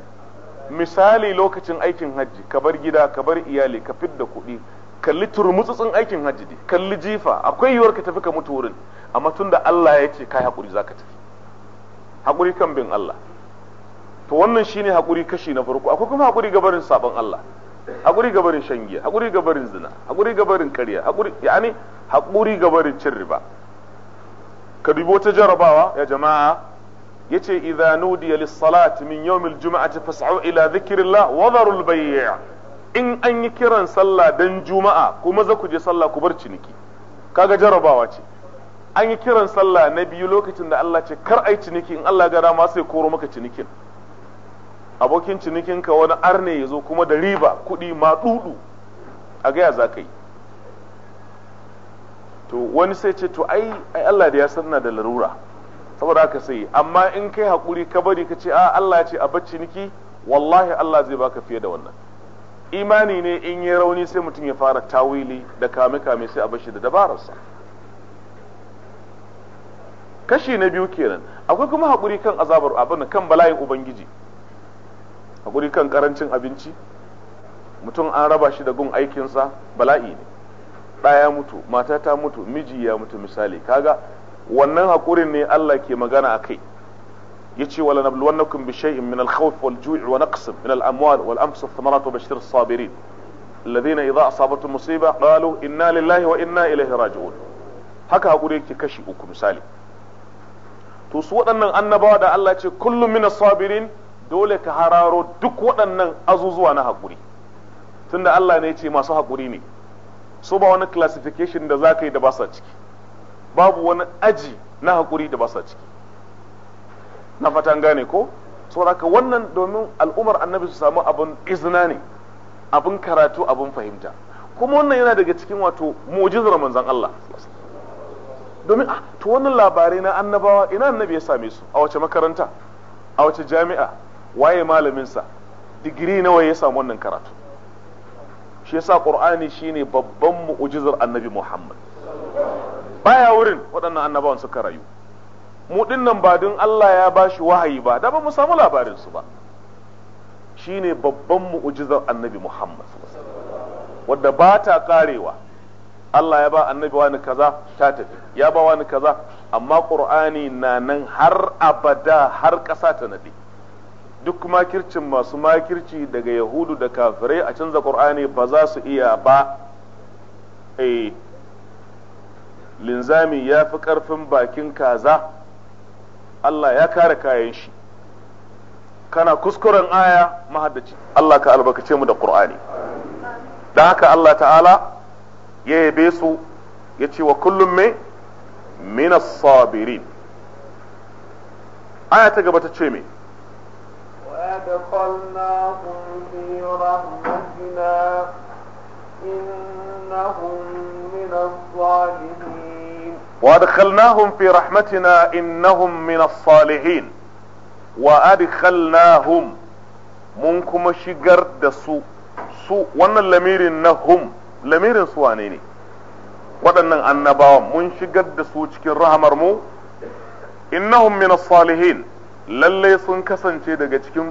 [SPEAKER 1] misali lokacin aikin hajji ka bar gida ka bar iyali ka fidda kuɗi kalli turmutsutsun aikin hajji ne kalli jifa akwai yiwuwar ka tafi ka mutu wurin amma tunda Allah ya ce kai haƙuri zaka tafi haƙuri kan bin Allah to wannan shine haƙuri kashi na farko akwai kuma haƙuri gabarin sabon Allah haƙuri ga barin shan giya haƙuri ga zina haƙuri ga barin ƙarya haƙuri yani haƙuri ga barin cin riba ka dubi wata jarabawa ya jama'a yace idza nudiya lis-salati min yawmil juma'ati fas'u ila dhikrillah wa dharul bay'a in an yi kiran sallah dan juma'a kuma za ku je sallah ku bar ciniki kaga jarabawa ce an yi kiran sallah na biyu lokacin da Allah ce kar ai ciniki in Allah ga dama sai koro maka cinikin abokin cinikinka wani arne ya zo kuma da riba kuɗi maɗuɗu a gaya za ka yi to wani sai ce to ai Allah da ya sanna da larura saboda haka sai amma in kai hakuri ka bari ka ce a Allah ya ce a bacci niki wallahi Allah zai baka fiye da wannan imani ne in yi rauni sai mutum ya fara tawili da kame kame sai a bashi da dabararsa kashi na biyu kenan akwai kuma hakuri kan azabar abin kan bala'in ubangiji hakuri kan karancin abinci mutum an raba shi da gun aikinsa bala'i ne ɗaya mutu mata ta mutu miji ya mutu misali kaga wannan hakurin ne Allah ke magana a kai yace wala nabluwannakum bi shay'in min al wal ju' wa naqsin min al-amwal wal anfus thamarat wa bashir sabirin alladhina idha asabatuhum musiba qalu inna lillahi wa inna ilayhi raji'un haka hakuri yake kashi uku misali to su waɗannan annabawa da Allah ce kullu min as-sabirin dole ka hararo duk waɗannan azuzuwa na haƙuri tunda Allah ne ce masu haƙuri ne su ba wani classification da za ka yi da ba sa ciki babu wani aji na haƙuri da ba sa ciki na fatan gane ko saboda wannan domin al'umar annabi su samu abin izina ne abin karatu abin fahimta kuma wannan yana daga cikin wato mu'jizar manzon Allah domin ah, to wannan labarai na annabawa ina annabi ya same su a wace makaranta a wace jami'a waye malaminsa digiri nawa ya samu wannan karatu shi yasa qur'ani shine babban mu'jizar annabi muhammad baya wurin waɗannan annabawan suka rayu mu dinnan ba din Allah ya bashi wahayi ba da ba mu samu labarin su ba shine babban mu'jizar annabi muhammad wadda ba ta karewa Allah ya ba annabi wani kaza ta tafi ya ba wani kaza amma qur'ani na nan har abada har ƙasa ta nade duk makircin masu makirci daga yahudu da kafirai a canza ƙur'ani ba za su iya ba E, linzami ya fi ƙarfin bakin kaza Allah ya kare kayan shi kana kuskuren aya mahaddaci Allah ka albarkace mu da ƙur'ani. da haka Allah ta'ala ya yabe su ya ce wa kullum me minas sabirin aya ta gaba ta ce me أدخلناهم في رحمتنا إنهم من الصالحين وأدخلناهم في رحمتنا إنهم من الصالحين وأدخلناهم mun kuma shigar da su wannan lamirin na hum lamirin su wane ne waɗannan annabawan mun shigar da su cikin rahamar mu innahum min salihin lallai sun kasance daga cikin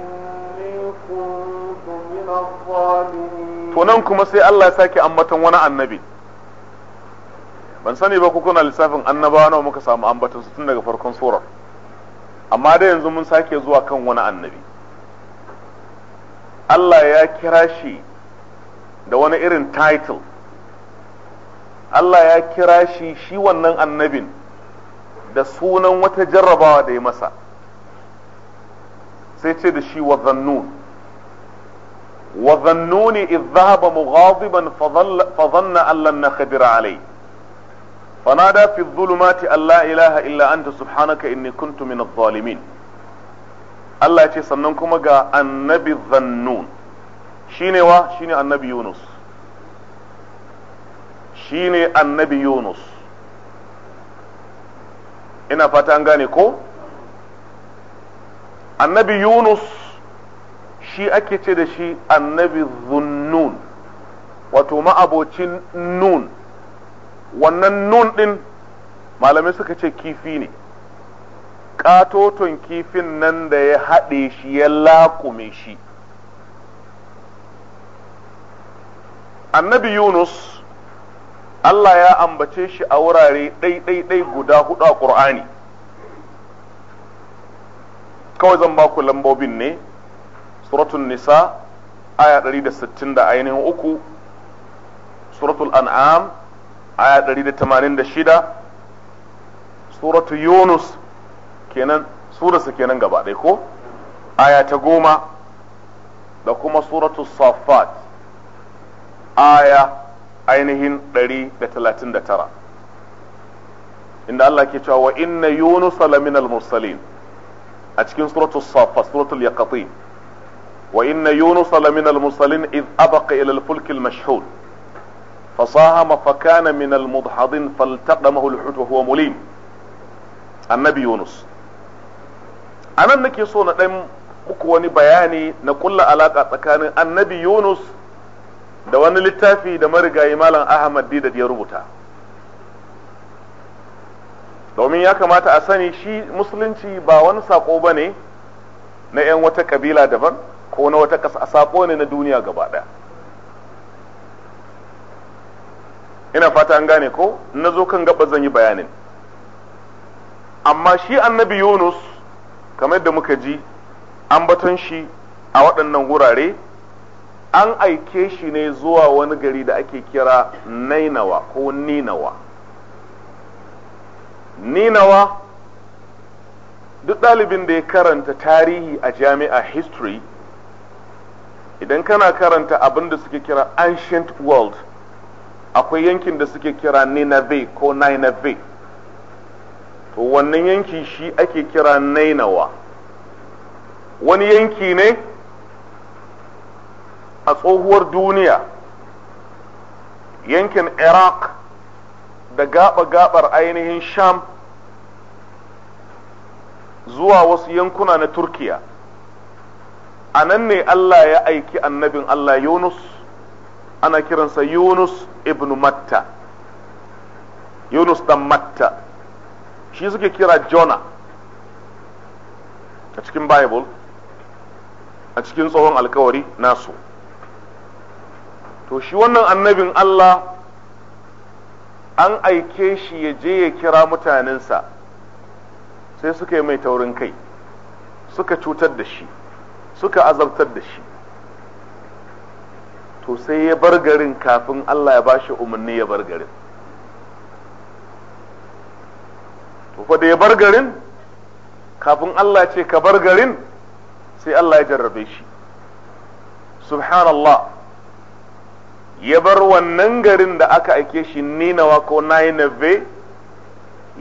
[SPEAKER 1] to nan kuma sai Allah ya sake ambaton wani annabi ban sani ba ku kuna lissafin annabawa nawa muka samu ambaton tun daga farkon surar amma da yanzu mun sake zuwa kan wani annabi Allah ya kira shi da wani irin title Allah ya kira shi shi wannan annabin da sunan wata jarrabawa da ya masa sai ce da shi wa zannun وظنوني إذ ذهب مغاضبا فظل فظن أن لن نقدر عليه فنادى في الظلمات أن لا إله إلا أنت سبحانك إني كنت من الظالمين Allah ce sannan kuma ga annabi zannun shine wa shine annabi Yunus shine annabi Yunus ina fata an gane ko annabi Yunus shi ake ce da shi annabi zunnun wato ma'abocin nun wannan nun din malamai suka ce kifi ne katoton kifin nan da ya haɗe shi ya laƙume shi annabi yunus allah ya ambace shi a wurare ɗai-ɗai guda hudu a ƙur'ani kawai zan ba ku lambobin ne suratul nisa aya 160 da ainihin uku suratul an'am aya 186 suratul yunus kenan surarsa kenan gaba ɗaya ko aya ta goma da kuma suratul safat aya ainihin 139 inda Allah ke cewa wa inna yunus laminal mursalin a cikin suratul safat suratul yaqatin وإن يونس لمن المرسلين إذ أبق إلى الفلك المشحون فصاهم فكان من المضحضين فالتقمه الحوت وهو مليم النبي يونس أنا نكي صونا دم muku wani bayani na kulla alaka tsakanin annabi Yunus da wani littafi da marigayi Malam Ahmad Didat ya rubuta. Domin ya kamata a sani shi musulunci ba wani saƙo ba ne na ‘yan wata ƙabila daban, ko na wata ƙasa saƙo ne na duniya gaba ɗaya ina fata an gane ko na zo kan gaba zan yi bayanin amma shi annabi yunus kamar yadda muka ji an baton shi a waɗannan wurare an aike shi ne zuwa wani gari da ake kira nainawa ko ninawa ninawa duk ɗalibin da ya karanta tarihi a jami'a history idan kana karanta abin da suke kira ancient world akwai yankin da suke kira Nineveh ko Nineveh to wannan yanki shi ake kira Nainawa wani yanki ne a tsohuwar duniya yankin Iraq da gaba-gabar ainihin Sham zuwa wasu yankuna na Turkiya a nan ne Allah ya aiki annabin Allah Yunus ana kiransa Yunus ibn Matta Yunus dan Matta shi suke kira Jona a cikin Bible a cikin tsohon alkawari nasu to shi wannan annabin Allah an aike shi ya je ya kira mutanensa sai suka yi mai taurin kai suka cutar da shi suka azabtar da shi to sai ya bar garin kafin Allah ya bashi umarni ya bar garin to fa da ya bar garin kafin Allah ce ka bar garin sai Allah ya jarrabe shi subhanallah ya bar wannan garin da aka aike shi ninawa ko nainave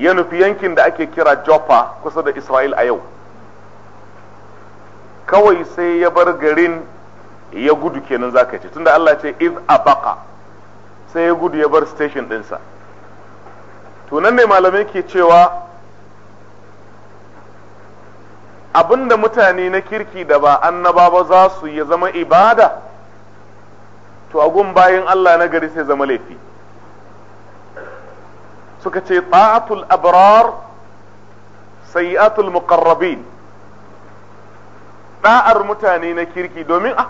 [SPEAKER 1] ya nufi yankin da ake kira joppa kusa da isra'il a yau kawai sai ya bar garin ya gudu kenan zaka ce tunda Allah ce iz abaka sai ya gudu ya bar station ɗinsa to nan ne malamai ke cewa abinda mutane na kirki da ba annaba ba za su ya zama ibada to gun bayan Allah na gari sai zama laifi suka ce ta'atul abrar sayyatul muqarrabin da'ar mutane na kirki domin a ah,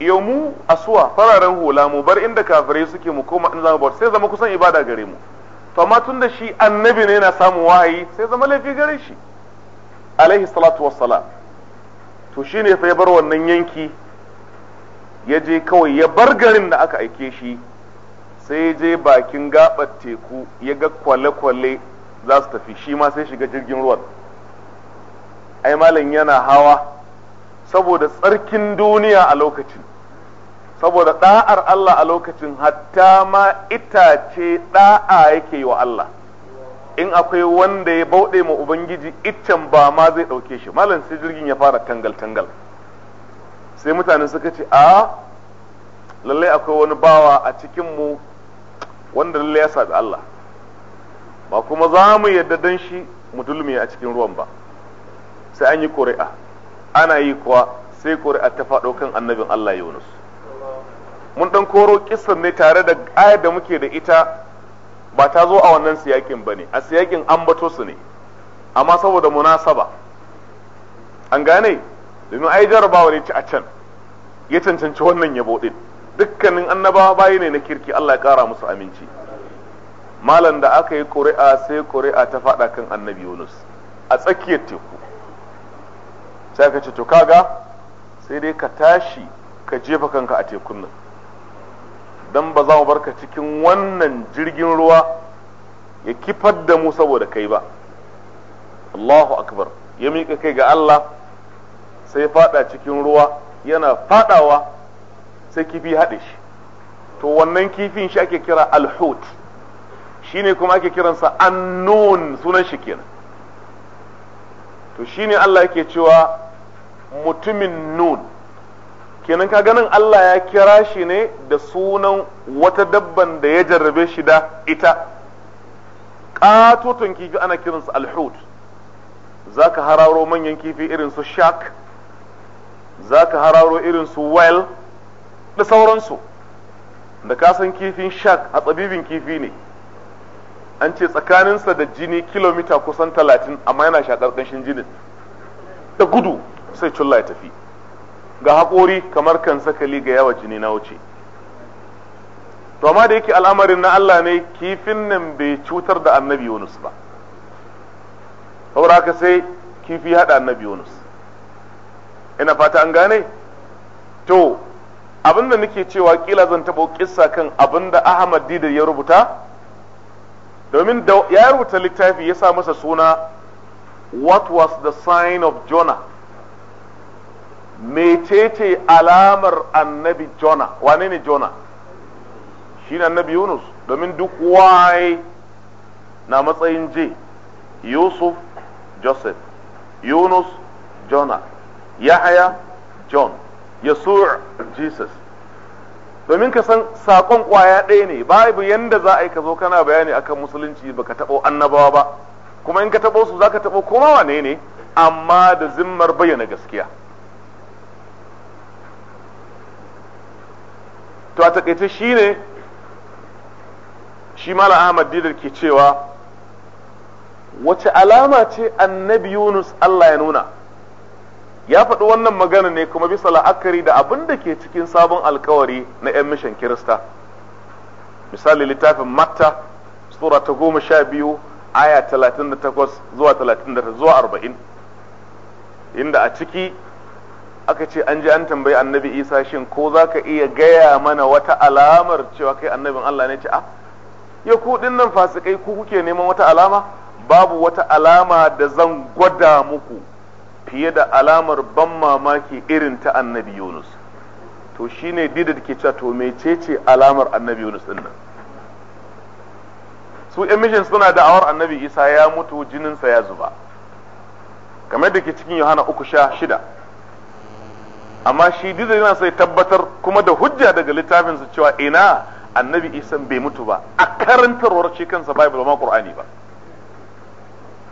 [SPEAKER 1] yau mu asuwa fararen hula mu bar inda kafirai suke mu koma in zama sai zama kusan ibada gare mu to amma tun da shi annabi ne yana samun wahayi sai zama laifi gare shi alaihi salatu wassalam to shine fa ya bar wannan yanki ya je kawai ya bar garin da aka aike shi sai ya je bakin gabar teku ya ga kwale-kwale za su tafi shi ma sai shiga jirgin ruwan ai malam yana hawa saboda tsarkin duniya a lokacin saboda da'ar Allah a lokacin hatta ma itace da'a yake wa Allah in akwai wanda ya bauɗe ma ubangiji iccen ba ma zai ɗauke shi malam sai jirgin ya fara tangal-tangal sai mutane suka ce a lallai akwai wani bawa a cikinmu wanda lallai ya sabi Allah ba kuma za mu yadda don shi mu dulmi a cikin ruwan ba sai an yi ƙuri'a ana yi kuwa sai ƙuri'a ta faɗo kan annabin Allah Yunus mun ɗan koro kisan ne tare da ayar da muke da ita ba ta zo a wannan siyakin ba ne a siyakin ambato su ne amma saboda munasaba an gane domin ai jarabawa ne ci a can ya cancanci wannan yabo din dukkanin annabawa bayi ne na kirki Allah ya ƙara musu aminci malam da aka yi ƙuri'a sai ƙuri'a ta faɗa kan annabi Yunus a tsakiyar teku sai ka ce to kaga sai dai ka tashi ka jefa kanka a tekun nan dan ba za mu barka cikin wannan jirgin ruwa ya kifar da mu saboda kai ba Allahu akbar ya mika kai ga Allah sai fada cikin ruwa yana fadawa sai kifi haɗe shi to wannan kifin shi ake kira alhut shine kuma ake kiransa annun sunan shi kenan to shine Allah yake cewa mutumin nun kenan ka ganin Allah ya kira shi ne da sunan wata dabban da ya jarrabe shi da ita ƙatoton kifi ana kiransu alhud za ka hararo manyan kifi irin su shark za ka hararo irin su whale da sauransu da ka san kifin shark a tsabibin kifi ne an ce tsakaninsa da jini kilomita kusan talatin amma yana shakar ƙanshin jinin da gudu sai culla ya tafi ga hakori kamar kan sakali ga yawa jini na wuce to amma da yake al'amarin na Allah ne kifin nan bai cutar da annabi Yunus ba saboda ka sai kifi hada annabi Yunus ina fata an gane to abinda nake cewa kila zan taɓa kissa kan abinda Ahmad Didar ya rubuta domin ya rubuta littafi ya sa masa suna what was the sign of Jonah mecece alamar annabi jona wane ne jona shi annabi yunus domin duk waye na matsayin je yusuf joseph yunus jona yahaya john yasur jesus domin ka san sakon kwaya ɗaya ne babu yanda za a yi ka zo kana bayani akan musulunci ba ka taɓo annabawa ba kuma in ka taɓo su za ka taɓo kuma wane ne amma da zimmar bayyana gaskiya to a takaice ne shi mala Ahmad Didar ke cewa wace alama ce annabi Yunus Allah ya nuna ya faɗi wannan magana ne kuma bisa la'akari da abin da ke cikin sabon alkawari na 'yan mishan Kirista misali littafin Matta sura ta goma sha biyu aya talatin da takwas zuwa talatin da zuwa arba'in inda a ciki aka ce an ji an tambayi annabi isa shin ko za ka iya gaya mana wata alamar cewa kai annabin allah ne ce a ah, ya ku nan fasikai ku kuke neman wata alama babu wata alama da zan gwada muku fiye da alamar ban mamaki irin ta annabi yunus to shi ne dida da ke cewa to mecece alamar annabi yunus din nan su emission suna da'awar annabi isa ya mutu jininsa ya zuba kamar da ke cikin yohana uku sha shida amma shi duk yana sai tabbatar kuma da hujja daga littafin su cewa ina annabi isan bai mutu ba a karantarwar shi kansa bible ma qur'ani ba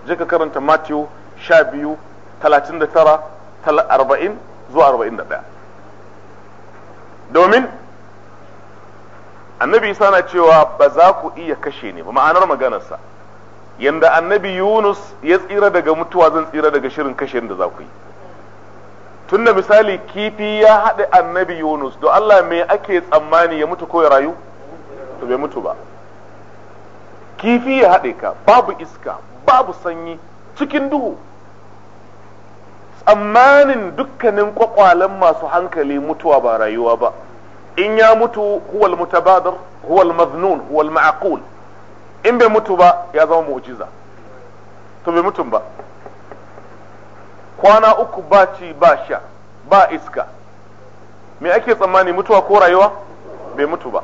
[SPEAKER 1] je ka karanta matthew 12 39 40 zuwa 41 domin annabi isa na cewa ba za ku iya kashe ni ba ma'anar maganarsa yanda annabi yunus ya tsira daga mutuwa zan tsira daga shirin kashe da za ku yi tunda misali kifi ya haɗe annabi Yunus don Allah me ake tsammani ya mutu ko ya rayu to bai mutu ba kifi ya haɗe ka babu iska babu sanyi cikin duhu tsammanin dukkanin kwakwalen masu hankali mutuwa ba rayuwa ba in ya mutu huwal mutabadar huwal maznun huwal ma'aqul in bai mutu ba ya zama mu'jiza to bai mutum ba kwana uku ba ci ba sha ba iska me ake tsammani mutuwa ko rayuwa bai mutu ba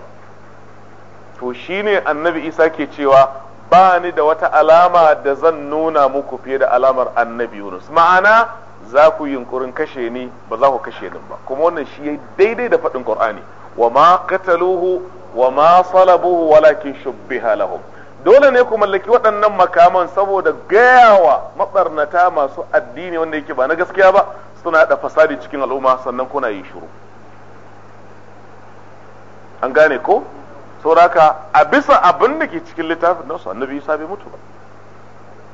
[SPEAKER 1] to shine annabi isa ke cewa ba ni da wata alama da zan nuna muku fiye da alamar annabi yunus ma'ana za ku yunkurin kashe ni ba za ku kashe ni ba kuma wannan shi daidai da faɗin qur'ani wa ma qataluhu wa ma salabuhu walakin shubbiha lahum dole ne ku mallaki waɗannan makaman saboda gayawa maɓarnata masu addini wanda yake ba na gaskiya ba suna da fasadi cikin al'umma sannan kuna yi shiru an gane ko sauraka a bisa abin da ke cikin littafin nasu annabi isa bai mutu ba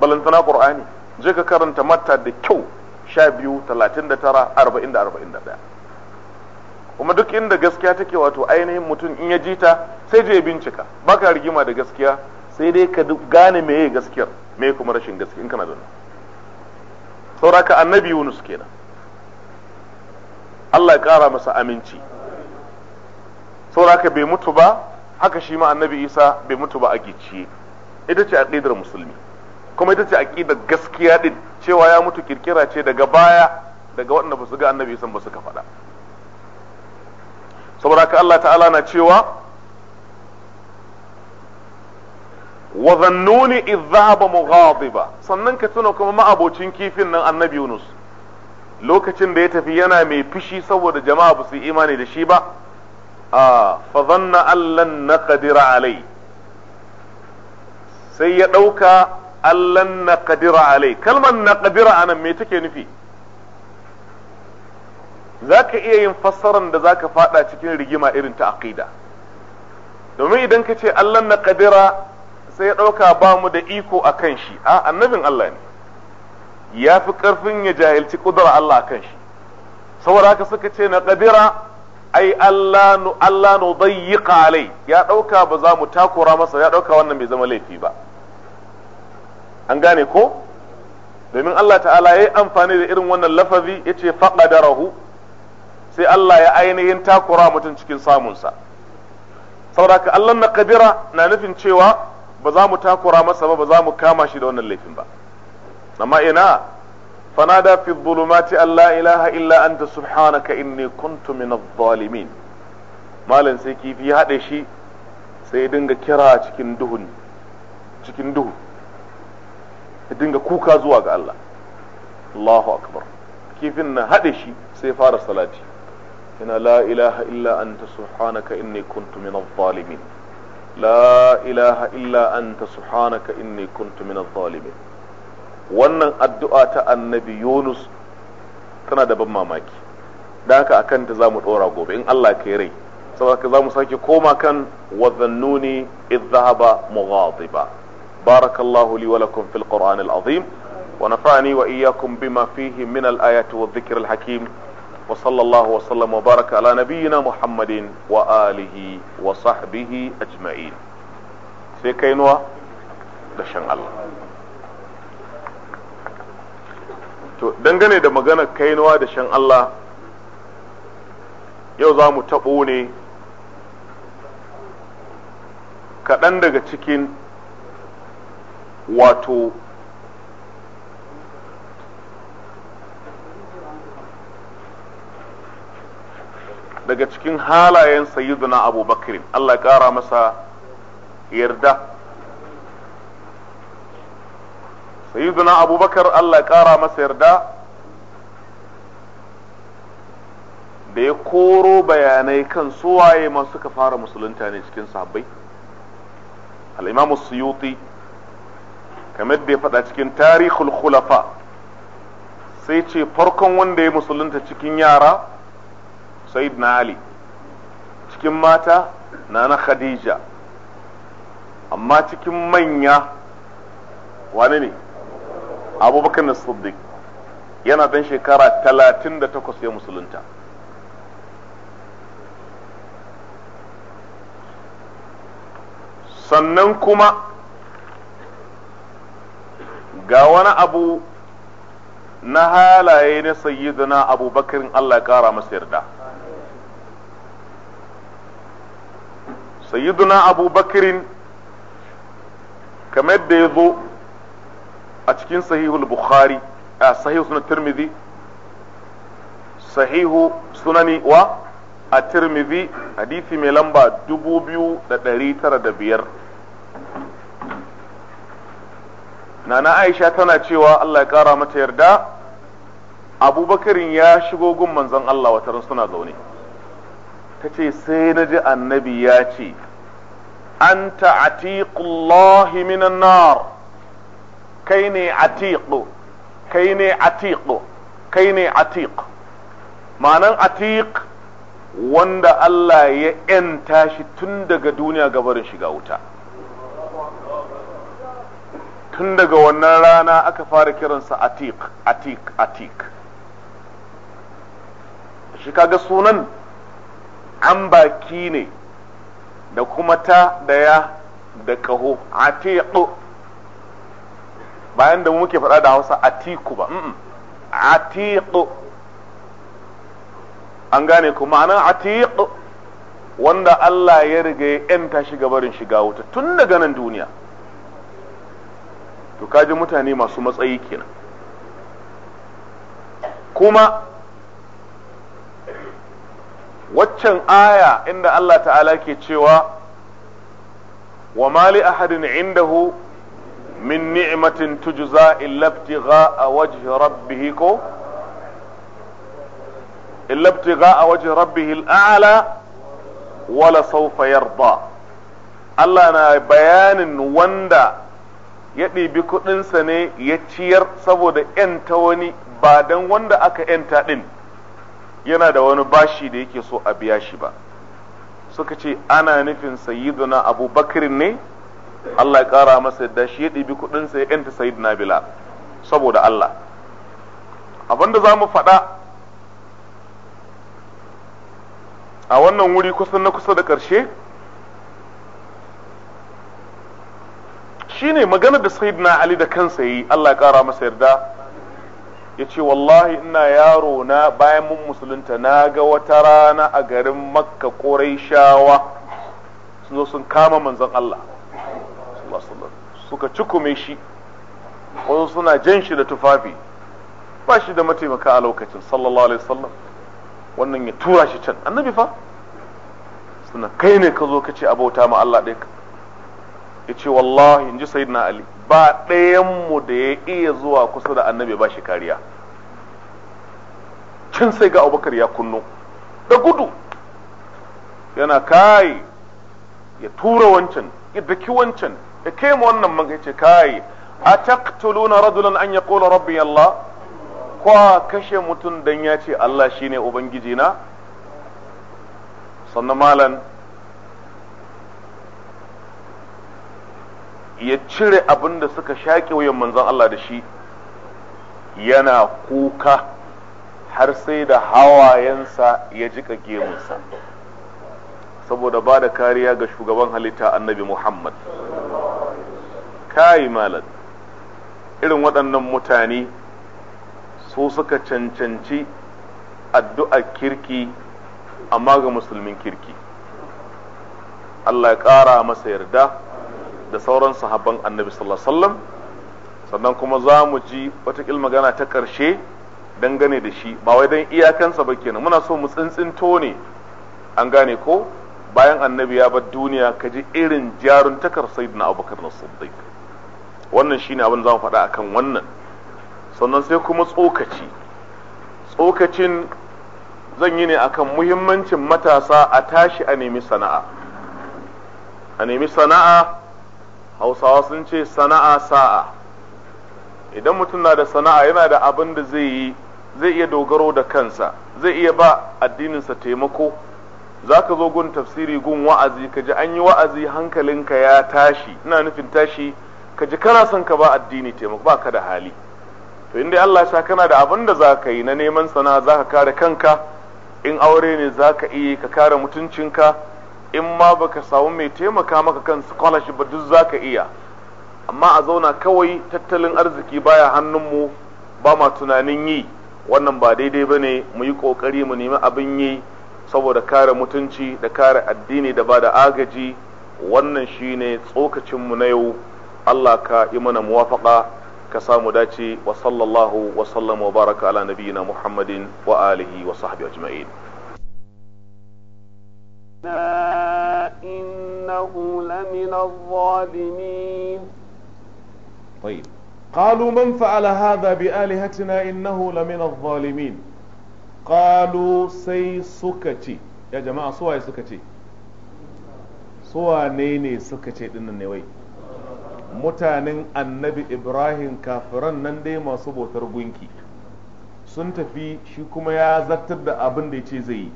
[SPEAKER 1] balantana qur'ani je ka karanta matta da kyau sha biyu talatin da tara arba'in da arba'in da ɗaya kuma duk inda gaskiya take wato ainihin mutum in ya jita sai je bincika baka rigima da gaskiya sai dai ka gane me yayi gaskiyar me kuma rashin gaskiya in kana da sauraka annabi Yunus kenan Allah ya kara masa aminci sauraka bai mutu ba haka shi ma annabi Isa bai mutu ba a gicciye ita ce aqidar musulmi kuma ita ce aqidar gaskiya din cewa ya mutu kirkira ce daga baya daga waɗanda ba su ga annabi Isa ba suka faɗa saboda ka Allah ta'ala na cewa wa ba mu dhahaba ba sannan ka tuna kuma ma'abocin kifin nan annabi Yunus lokacin da ya tafi yana mai fishi saboda jama'a ba su imani da shi ba a fa allan na kadira alai sai ya ɗauka allan kadira alai kalmar a anan me take nufi zaka iya yin fassaran da za ka faɗa cikin rigima irin ta aqida domin idan ka ce allan kadira. sai ya ɗauka ba mu da iko a kan shi a annabin Allah ne ya fi ƙarfin ya jahilci ƙudura Allah a kan shi saboda haka suka ce na ƙadira ai Allah nu Allah nu alai ya ɗauka ba za mu takura masa ya ɗauka wannan bai zama laifi ba an gane ko domin Allah ta'ala ya yi amfani da irin wannan lafazi ya ce da rahu sai Allah ya ainihin takura mutum cikin samunsa saboda ka Allah na kadira na nufin cewa ba za mu takura masa ba ba za mu kama shi da wannan laifin ba amma ina fanada fi dhulumati allah la ilaha illa anta subhanaka inni kuntu min adh-dhalimin malam sai kifi ya hade shi sai ya dinga kira cikin duhun cikin duhu ya dinga kuka zuwa ga Allah Allahu akbar kifin na hade shi sai fara salati ina la ilaha illa anta subhanaka inni kuntu min adh-dhalimin la ilaha illa anta subhanaka inni kuntu min zalimin wannan addu'a ta annabi yunus tana da ban mamaki da haka a kanta za mu ɗora gobe in allah ka rai saboda za mu sake koma kan wazannuni izahaba dhahaba mughadiba barakallahu li wa lakum fil wa azim ونفعني وإياكم بما ayati من الآيات والذكر hakim. وصلى الله وسلم وبارك على نبينا محمد وآله وصحبه أجمعين سيكينوا دشان الله to dangane da magana kainuwa da shan Allah yau za mu taɓo ne kaɗan daga cikin wato daga cikin halayen sayyiduna abubakar Allah ƙara masa yarda sayyiduna abubakar Allah ƙara masa yarda da ya koro bayanai kan suwaye masu suka fara musulunta ne cikin sahabbai al'imamu suyuti kamar da ya faɗa cikin tarihul khulafa sai ce farkon wanda ya musulunta cikin yara sayyid na ali cikin mata na na khadija amma cikin manya wani ne abubakar na siddiq yana dan shekara talatin da takwas ya musulunta sannan kuma ga wani abu na halaye na sayyidina abubakarin Allah ya kara masa yarda sayyiduna abubakarin kamar da ya zo a cikin sahihul bukhari a sahihu sunan tirmidhi sahihu sunani wa a tirmidhi hadithi mai lamba dubu biyu da dari tara da biyar nana aisha tana cewa allah ya kara mata yarda abubakarin ya shigo gun manzon allah wataran suna zaune ta ce sai na ji annabi ya ce an ta atiƙullahi minan nar kai ne atiƙo kai ne atiƙo kai ne ma'anan atiƙ wanda Allah ya ‘yanta shi tun daga duniya gabarin shiga wuta tun daga wannan rana aka fara kiransa atiƙ atiƙ atiƙ shi kaga sunan an baki ne da kuma ta da ya da kaho atiqu bayan da muke faɗa da hausa atiku ba atiqu an gane ku ma'ana atiqu wanda Allah ya riga ya yanta shi gabarin shiga wuta tun daga nan duniya to kaji mutane masu matsayi kenan kuma waccan aya inda Allah ta'ala ke cewa wa mali ahadin indahu min ni'matin tujza illa ibtigha'a wajhi rabbih ko illa ibtigha'a wajhi rabbih al'ala wala sawfa yarda Allah na bayanin wanda ya ɗibi kuɗinsa ne ya ciyar saboda ‘yanta wani ba don wanda aka ‘yanta ɗin yana da wani bashi da yake so a biya shi ba suka ce ana nufin sayyiduna abu bakirin ne Allah ya kara masa yadda shi ya ɗibi kuɗinsa ya yanta sayyiduna bila saboda Allah abinda za mu faɗa a wannan wuri kusan na kusa da ƙarshe shine magana da sayyiduna ali da kansa yi Allah ya kara masa yarda ya ce wallahi ina yaro na bayan mun musulunta na ga wata rana a garin makka ƙorai shawa sun zo sun kama manzon Allah suka cikume shi wasu suna jan shi da tufafi ba shi da mataimaka a lokacin sallallahu alaihi wasallam wannan ya tura shi can annabi fa suna kai ne ka zo ka ce abauta ma Allah ɗaya ya ce wallahi in ji sayyidina ali ba ɗayanmu da ya iya zuwa kusa da annabi ba shi kariya can sai ga abubakar ya kunno da gudu yana kai ya tura wancan ya daki wancan ya kai ma wannan man ya ce kai a taqtuluna radulan an yaqula rabbi allah ko kashe mutum dan ya ce allah shine ubangiji na sannan malam ya cire abin da suka shaƙe wuyan manzon Allah da shi yana kuka har sai da hawayensa ya jiƙa gemunsa saboda ba da kariya ga shugaban halitta annabi Muhammad kai malam irin waɗannan mutane su suka cancanci addu'ar kirki amma ga musulmin kirki Allah ya ƙara masa yarda da sauran sahabban annabi sallallahu alaihi wasallam sannan kuma za mu ji wata watakil magana ta ƙarshe dangane da shi ba wai don iyakansa ba kenan muna so mu tsintsinto ne an gane ko bayan annabi ya bar duniya ka ji irin takar sayyidina abubakar na siddiq wannan shine abin za mu faɗa akan wannan sannan sai kuma tsokaci tsokacin zan yi ne akan muhimmancin matasa a tashi a nemi sana'a a nemi sana'a hausawa sun ce sana'a sa'a idan mutum na da sana'a yana da abin da zai yi zai iya dogaro da kansa zai iya ba addininsa taimako za ka zo gun tafsiri gun wa'azi ka ji an yi wa'azi hankalinka ya tashi ina nufin tashi ka ji kana son ka ba addini taimako ba ka da hali to inda Allah sa kana da abin da za ka yi na neman sana'a za ka kare kanka in aure ne za ka iya ka kare mutuncinka in ma baka samu mai taimaka maka kan scholarship ba duk za ka iya amma a zauna kawai tattalin arziki baya hannunmu ba ma tunanin yi wannan ba daidai ba ne mu yi ƙoƙari mu nemi abin yi saboda kare mutunci da kare addini da ba da agaji wannan shi ne tsokacinmu na yau Allah ka yi mana muwafaka ka samu dace wa sallallahu wa sallam wa baraka ala nabiyina muhammadin wa alihi wa sahbihi ajma'in إنه لمن الظالمين طيب قالوا من فعل هذا بآلهتنا إنه لمن الظالمين قالوا سي سكتي يا جماعة سوى سكتي سوى نيني سكتي دين النوي mutanen annabi ibrahim kafiran nan dai masu bautar gunki sun tafi shi kuma ya zartar da abin da ya ce zai yi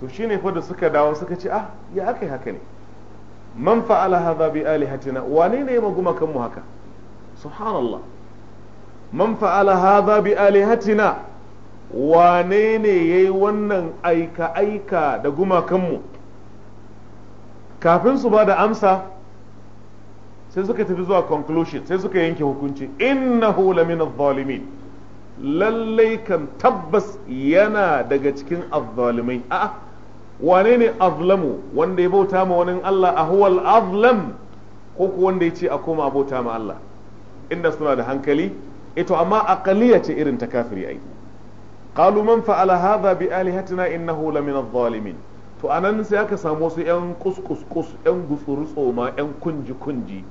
[SPEAKER 1] to shi ne da suka dawo suka ce ah ya yi haka ne man fa'ala hadha bi alihatina wane ne maguma kan mu haka subhanallah man fa'ala hadha bi alihatina wane ne ya yi wannan aika aika da gumakan mu kafin su ba da amsa sai suka tafi zuwa conclusion sai suka yanke hukunci innahu lamin adh-dhalimin lallai kan tabbas yana daga cikin azzalimai a wane ne azlamu wanda ya bauta ma wani Allah a huwal azlam ko ku wanda ya ce a koma bauta ma Allah inda suna da hankali ito eh amma aqaliya ce irin ta kafiri ai qalu man fa'ala hadha bi alihatina innahu la min adh-dhalimin to anan sai aka samu wasu yan kuskus kus yan gutsuru tsoma yan kunji kunji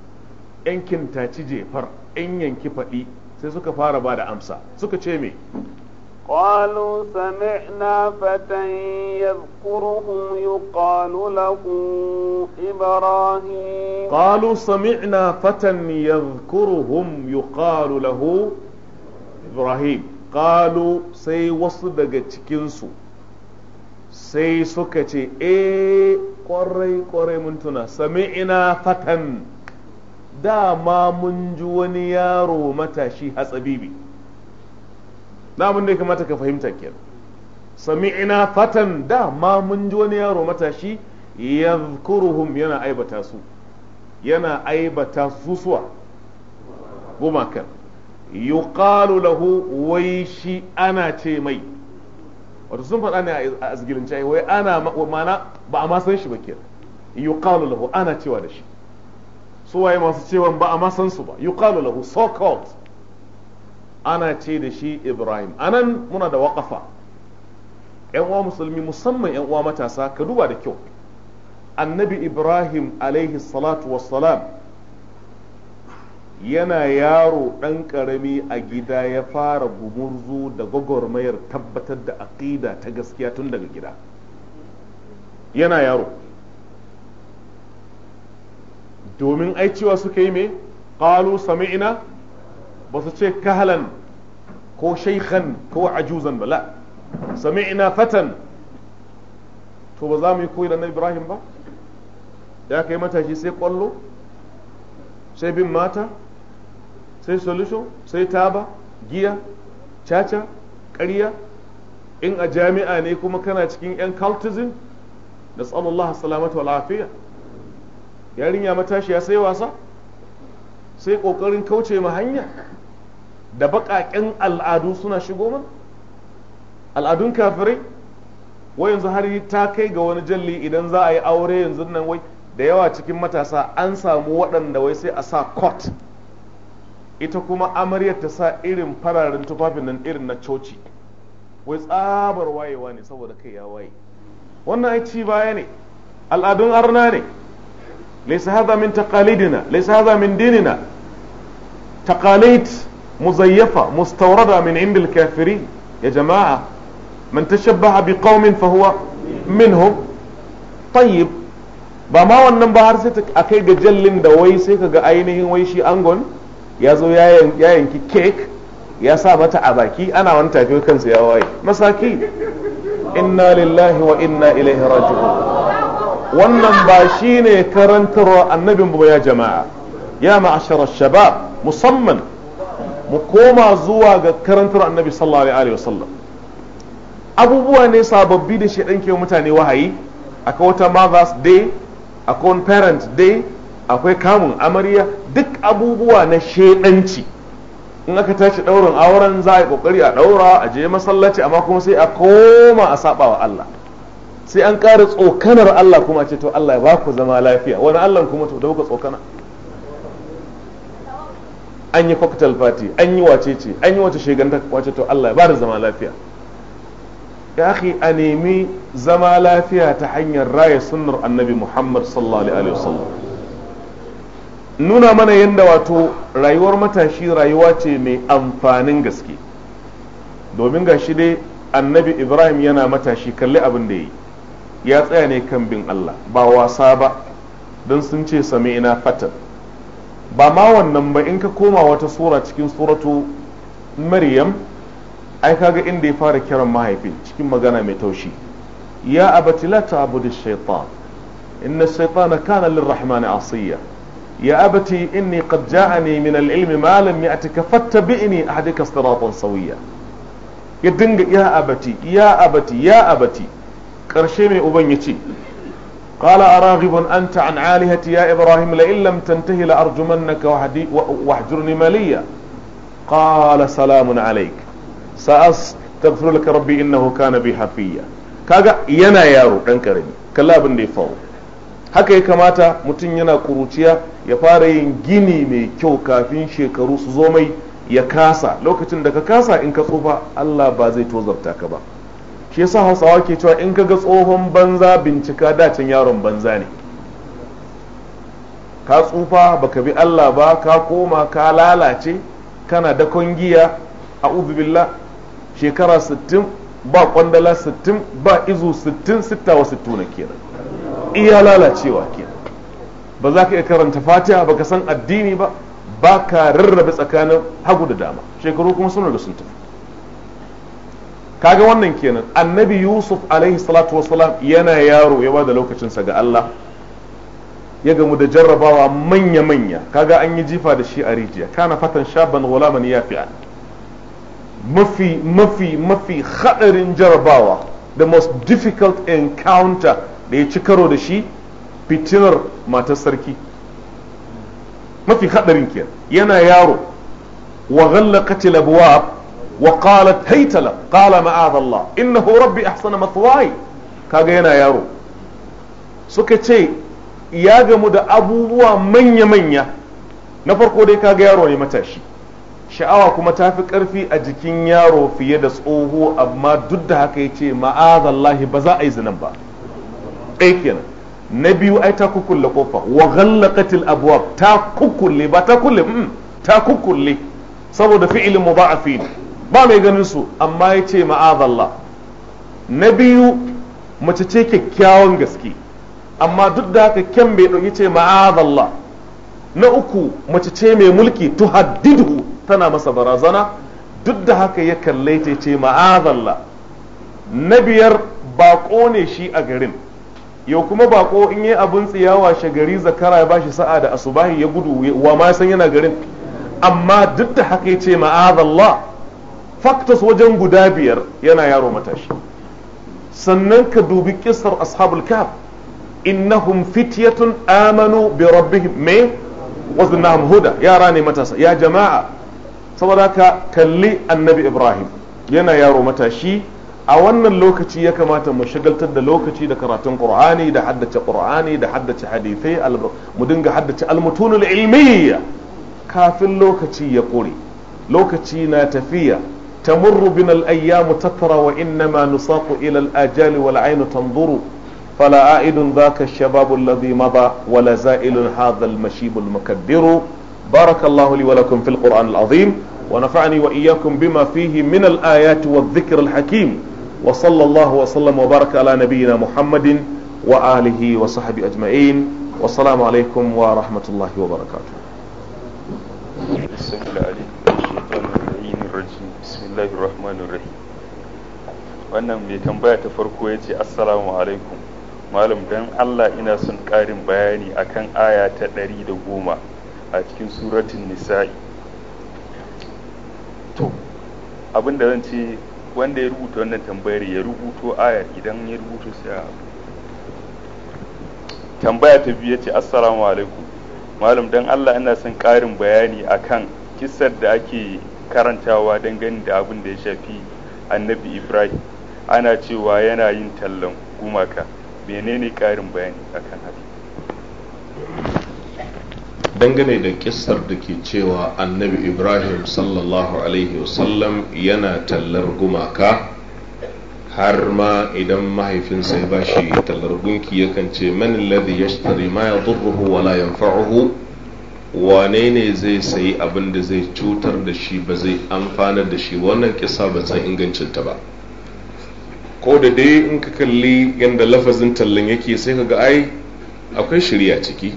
[SPEAKER 1] yan kintaci jefar yan yanki faɗi sai suka fara ba da amsa suka ce me قالوا سمعنا فتى يذكرهم يقال له إبراهيم قالوا سمعنا فتى يذكرهم يقال له إبراهيم قالوا سي وصدق تكنسو sai suka ce e kwarai kwarai mun tuna sami'ina fatan dama mun ji wani yaro matashi hatsabibi na abin da ya kamata ka fahimta Sami sami'ina fatan da ma mun ji wani yaro matashi yadhkuruhum yana aibata su yana aibata su suwa gumakan yuqalu lahu wai shi ana ce mai wato sun faɗa ne a asgirince wai ana ma'ana ba a ma san shi ba kenan yuqalu lahu ana cewa da shi su waye masu cewa ba a ma san su ba yuqalu lahu so called ana ce da shi ibrahim anan muna da waƙafa yan uwa musulmi musamman yan uwa matasa ka duba da kyau annabi ibrahim alaihi salatu wassalam yana yaro ɗan ƙarami a gida ya fara gumurzu da gwagwarmayar tabbatar da aƙida ta gaskiya tun daga gida yana yaro domin aiciwa suka yi mai ƙalu sami'ina ba su ce kahalan ko shaikhan ko ajuzan ba la sami'na fatan to ba za mu yi koyi da na ibrahim ba ya kai matashi sai kwallo sai bin mata sai solution sai taba giya caca ƙarya in a jami'a ne kuma kana cikin 'yan cultism da tsallallah salamatu lafiya yarinya ya sai wasa sai ƙoƙarin kauce ma hanya da baƙaƙen al'adu suna shigo mana al'adun kafirai wai yanzu har ta kai ga wani jalli idan za a yi aure yanzu nan wai da yawa cikin matasa an samu waɗanda wai sai a sa kot ita kuma amaryar ta sa irin fararen tufafin nan irin na coci wai tsabar wayewa ne saboda kai ya waye wannan ai ci baya ne al'adun arna ne laysa hadha min taqalidina laysa hadha min dinina taqalid مزيفة مستوردة من عند الكافرين يا جماعة من تشبه بقوم فهو منهم طيب ba ma wannan ba har sai a kai ga jallin da wai sai ka ga ainihin wai shi angon ya zo ya yanki kek ya sa mata a baki ana wani tafi kansa ya waye masaki inna lillahi wa inna ilaihi raji'un wannan ba shine karantarwa annabin ba ya jama'a ya ma'ashara shabab musamman mu koma zuwa ga karantar annabi sallallahu alaihi wasallam abubuwa ne sababbi da shedan ke mutane wahayi akwai wata mother's day akwai wani parent day akwai kamun amarya duk abubuwa na shedanci in aka tashi daurin auren za a yi kokari a daura a je masallaci amma kuma sai a koma a saba wa Allah sai an ƙara tsokanar Allah kuma ce to Allah ya baku zama lafiya wani Allah kuma to dauka tsokana an yi cocktail party an yi wacece an yi wace sheganta wace to Allah ya bada zama lafiya ya akhi a nemi zama lafiya ta hanyar raya sunnar annabi Muhammad sallallahu alaihi wasallam nuna mana yadda wato rayuwar matashi rayuwa ce mai amfanin gaske domin ga shi dai annabi ibrahim yana matashi kalli abin da yi ya tsaya ne kan bin allah ba wasa ba don sun ce sami ina fatan ba ma wannan ba in ka koma wata sura cikin suratu maryam ai kaga inda ya fara kiran mahaifi cikin magana mai taushi ya abati la ta'budu shaytan inna shaytana kana lirrahmani asiya ya abati inni qad ja'ani min al-ilmi ma lam ya'tika fattabi'ni ahdika siratan sawiya ya dinga ya abati ya abati ya abati karshe mai uban yace قال أراغب أنت عن آلهتي يا إبراهيم لئن لم تنتهي لأرجمنك واهجرني مليا قال سلام عليك سأستغفر لك ربي إنه كان بي حفيا kaga yana yaro ɗan karami kalla abin da faru haka ya kamata mutum yana kuruciya ya fara yin gini mai kyau kafin shekaru su zo mai ya kasa lokacin da ka kasa in ka tsufa Allah ba zai tozarta ka ba shi yasa hausawa ke cewa in kaga tsohon banza bincika dacin yaron banza ne ka tsufa baka bi Allah ba ka koma ka lalace kana da kongiya a billah shekara 60 ba kwandala 60 ba izu 60 wa 60 na kenan iya lalacewa kenan ba za ka iya karanta fatiha baka san addini ba ba ka rarrabe tsakanin hagu da dama shekaru kuma suna da sun tafi kaga wannan kenan annabi yusuf alaihi salatu wasalam yana yaro ya bada lokacinsa ga allah ya gamu da jarrabawa manya-manya kaga an yi jifa da shi a rijiya kana fatan shaban gulaman ya fi'a mafi mafi mafi haɗarin jarrabawa the most difficult encounter da ya ci karo da shi fitinar matar sarki mafi haɗarin kenan yana yaro wa ghallaqatil وقالت هيت له قال معاذ الله إنه ربي أحسن مثواي kaga yana yaro suka ce ya gamu da abubuwa manya-manya na farko dai kaga yaro ne matashi sha'awa kuma ta fi ƙarfi a jikin yaro fiye da tsoho amma duk da haka ya ce ma'azallahi ba za a yi zinan ba ɗaya kenan na biyu ai ta kukulle kofa wa ghallaqatil abwab ta kukulle ba ta kulle ta kukulle saboda fi'ilin mudha'afin ba mai ganin su amma ya ce ma'azallah na biyu mace ce kyakkyawan gaske amma duk da haka kyan bai ɗauki ce ma'azallah na uku mace ce mai mulki tu haddidu tana masa barazana duk da haka ya kalle ta ce ma'azallah na biyar baƙo ne shi a garin yau kuma baƙo in yi abin tsiyawa shagari zakara ya shi sa'a da asubahi ya gudu wa ma san yana garin amma duk da haka ya ce ma'azallah factors wajen guda biyar yana yaro matashi sannan ka dubi kisar ashabul kaf innahum fityatun amanu bi rabbihim me wazdnahum huda yara ne matasa ya jama'a saboda ka kalli annabi ibrahim yana yaro matashi a wannan lokaci ya kamata mu shagaltar da lokaci da karatun qur'ani da haddace qur'ani da haddace hadithai mu dinga haddace almutunul ilmiyya kafin lokaci ya kore lokaci na tafiya تمر بنا الأيام تترى وإنما نساق إلى الآجال والعين تنظر فلا عائد ذاك الشباب الذي مضى ولا زائل هذا المشيب المكدر بارك الله لي ولكم في القرآن العظيم ونفعني وإياكم بما فيه من الآيات والذكر الحكيم وصلى الله وسلم وبارك على نبينا محمد وآله وصحبه أجمعين والسلام عليكم ورحمة الله وبركاته
[SPEAKER 2] bismillahir rahmanir rahim wannan mai tambaya ta farko ya ce assalamu alaikum malam dan allah ina son ƙarin bayani akan aya ta ɗari da goma a cikin suratun nisa'i to abin da zan ce wanda ya rubuta wannan tambayar ya rubuto aya idan ya rubuto sai tambaya ta biyu ya ce assalamu alaikum malam dan allah ina son ƙarin bayani akan kisar da ake karantawa dangane da abin da ya shafi annabi ibrahim ana cewa yana yin tallan gumaka menene karin bayani kan haka
[SPEAKER 1] dangane da kisar da ke cewa annabi ibrahim sallallahu alaihi wasallam yana tallar gumaka har ma idan mahaifinsa ya bashi tallar gunki yakan ce man alladhi yashtari ma yadurruhu wa la yanfa'uhu wane ne zai sayi abin da zai cutar da shi ba zai amfanar da shi wannan kisa ba san ingancinta ba ko da dai in ka kalli yadda lafazin tallan yake sai ka ga ai akwai shirya ciki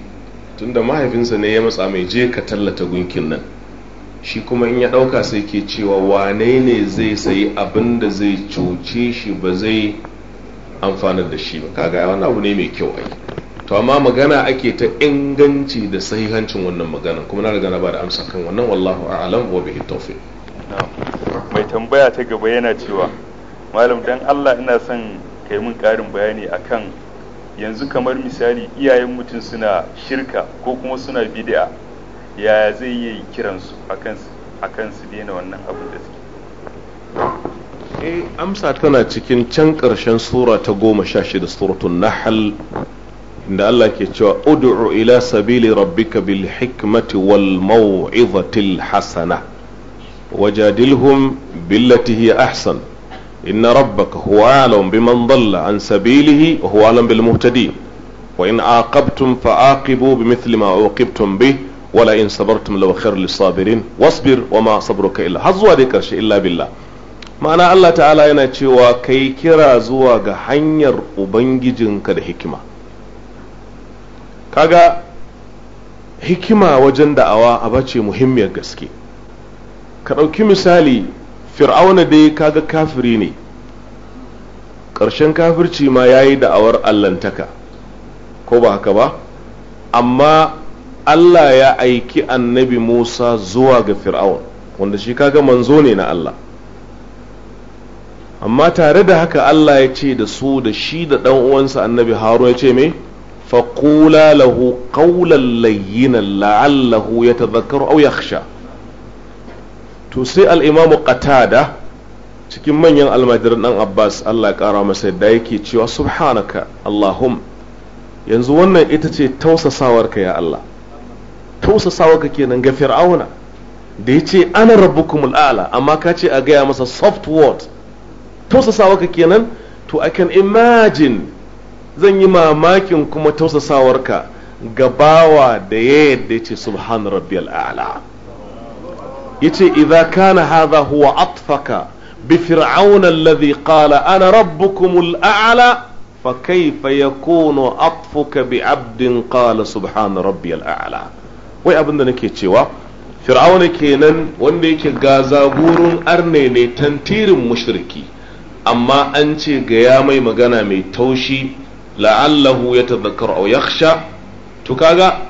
[SPEAKER 1] tunda mahaifinsa ne ya matsa mai je ka tallata gunkin nan shi kuma in ya ɗauka sai ke cewa wane ne zai sayi abin da zai cuce shi ba zai amfanar da shi ba kaga wani abu ne mai kyau ai to amma magana ake ta inganci da sahihancin wannan magana kuma na riga na ba da amsa kan wannan wallahu a'lam wa bihi tawfiq
[SPEAKER 2] mai tambaya ta gaba yana cewa malam dan Allah ina son kai mun karin bayani akan yanzu kamar misali iyayen mutum suna shirka ko kuma suna bid'a ya zai yi kiransu akan akan su daina wannan abu da suke eh amsa
[SPEAKER 1] tana cikin can ƙarshen sura ta goma sha shida suratul nahl inda Allah ke cewa ud'u ila sabili rabbika bil hikmati wal maw'izatil hasana wajadilhum billati hiya ahsan inna rabbaka huwa alam biman dhalla an sabilihi wa huwa alam bil muhtadin wa in aqabtum fa'aqibu bimithli ma uqibtum bih wala in sabartum law khair lis sabirin wasbir wama sabruka illa har zuwa dai karshe illa billah ma'ana Allah ta'ala yana cewa kai kira zuwa ga hanyar ubangijinka da hikima kaga hikima wajen da'awa a bace muhimmiyar gaske ka ɗauki misali fir'auna dai kaga kafiri ne ƙarshen kafirci ma ya yi da'awar allantaka ko ba haka ba amma allah ya aiki annabi musa zuwa ga fir'aun wanda shi kaga manzo ne na allah amma tare da haka allah ya ce da su da shi da uwansa annabi harun ya ce mai فقولا له قولا لينا لعله يتذكر او يخشى تسي الإمام قتادة cikin manyan almajiran ɗan Abbas Allah ya ƙara masa da yake cewa subhanaka Allahum yanzu wannan ita ce tausasawarka ya Allah tausasawarka kenan ga fir'auna da ya ce ana rabbukumul a'la amma ka ce a gaya masa soft word tausasawarka kenan to I can imagine zan yi mamakin kuma tausasawarka ga bawa da ya yadda ce subhan rabbiyal a'la yace idza kana hadha huwa atfaka bi fir'auna alladhi qala ana rabbukumul a'la fa ya yakunu atfuka bi 'abdin qala subhan rabbiyal a'la wai abinda nake cewa fir'auna kenan wanda yake gazagurun arne ne tantirin mushriki amma an ce ga ya mai magana mai taushi la'allahu ya yatadhakkaru aw yakhsha to kaga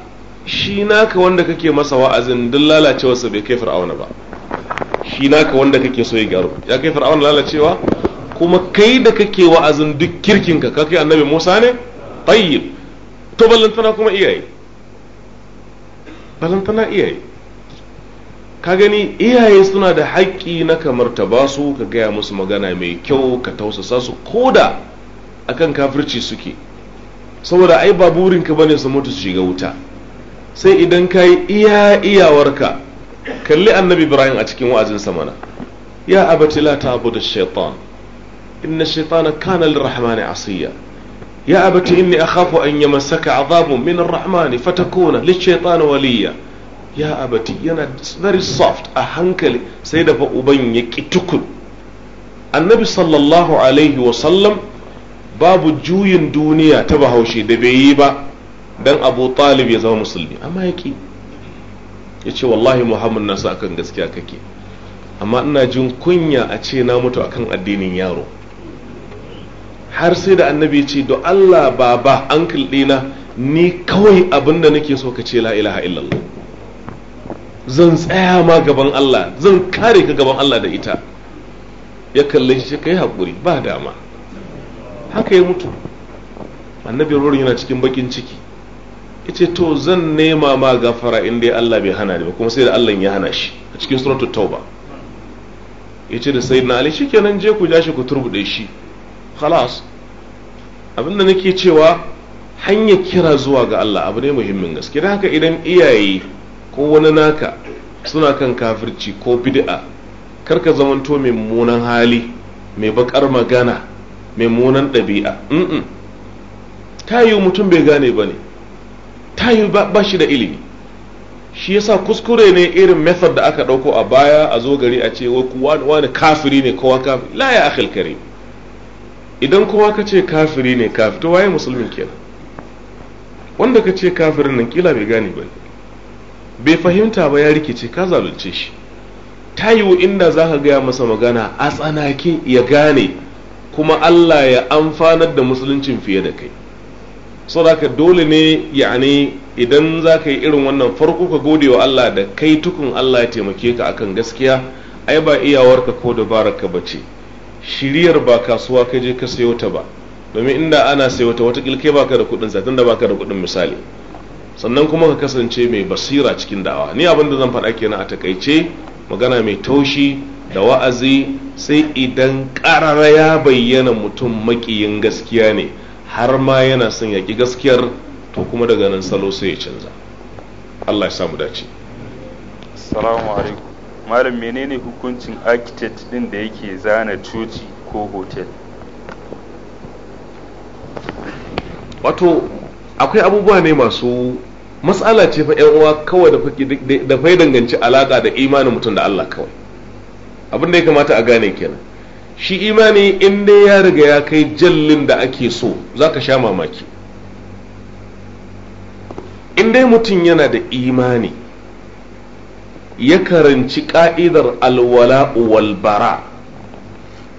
[SPEAKER 1] shi naka wanda kake masa wa'azin duk lalacewarsa bai kai fir'auna ba shi naka wanda kake so ya gyaru ya kai fir'auna lalacewa kuma kai da kake wa'azin duk kirkinka ka kai annabi Musa ne tayyib to ballantana kuma iyaye ballantana iyaye ka gani iyaye suna da haƙƙi na kamar ta ba su ka gaya musu magana mai kyau ka tausasa su koda akan kafirci suke saboda ai ba burinka bane su mutu su shiga wuta sai idan kayi yi iya iyawarka kalli annabi ibrahim a cikin wa'azinsa mana ya abati la ta'budu shaitan inna shaitana kana lirrahmani asiya ya abati inni akhafu an yamassaka azabun min arrahmani fatakuna lishaitani waliya ya abati yana very soft a hankali sai da fa uban ya ki tukun annabi sallallahu alaihi wa sallam babu juyin duniya ta bahaushe da bai yi ba dan abu talib ya zama musulmi amma yake ya ce wallahi muhammad nasu akan gaskiya kake amma ina jin kunya a ce na mutu akan addinin yaro har sai da annabi ce do allah ba ankil dina, ni kawai abin da nake so ka ce la ilaha illallah zan tsaya ma gaban allah zan kare ka gaban allah da ita ya kalle shi ka yi haƙuri ba dama haka ya mutu annabi ruru yana cikin bakin ciki ita to zan nema ma gafara in dai Allah bai hana ni ba kuma sai da Allah ya hana shi a cikin suratu tauba yace da sayyidina ali shikenan je ku jashi ku turbude shi khalas abinda nake cewa hanya kira zuwa ga Allah abu ne muhimmin gaske da haka idan iyaye ko wani naka suna kan kafirci ko bid'a karka zamanto mai munan hali mai bakar magana munan ɗabi'a ta yi mutum bai gane ba ne ta yi ba shi da ilimi shi yasa kuskure ne irin method da aka ɗauko a baya a zo gari a ce wani kafiri ne kowa kafiri la ya akhil idan kowa ka ce kafiri ne kafiri to waye musulmin kenan wanda ka ce kafirin nan kila bai gane ba bai fahimta ba ya rikice ka zalunce shi ta yiwu inda za ka gaya masa magana a tsanake ya gane kuma Allah ya amfanar da musuluncin fiye da kai saboda dole ne yani idan za ka yi irin wannan farko ka gode wa Allah da kai tukun Allah ya taimake ka akan gaskiya ai ba iyawarka ko dabararka ba ce shiriyar ba kasuwa ka je ka sayo ta ba domin inda ana sayo ta wata kilke baka da kudin sa tunda baka da kuɗin misali sannan kuma ka kasance mai basira cikin da'awa ni abin da zan faɗa kenan a takaice magana mai taushi da wa'azi sai idan ƙarara ya bayyana mutum maƙiyin gaskiya ne har ma yana son yaƙi gaskiyar to kuma daga nan salo sai ya canza Allah ya samu dace
[SPEAKER 2] assalamu alaikum malam menene hukuncin architect ɗin da yake zana coci ko hotel wato akwai
[SPEAKER 1] abubuwa ne masu matsala ce fa uwa kawai da fai danganci alaƙa da imanin mutum da Allah kawai abin da ya kamata a gane kenan shi imani in dai ya riga ya kai jallin da ake so za ka sha mamaki in dai mutum yana da imani ya karanci ka'idar alwala walbara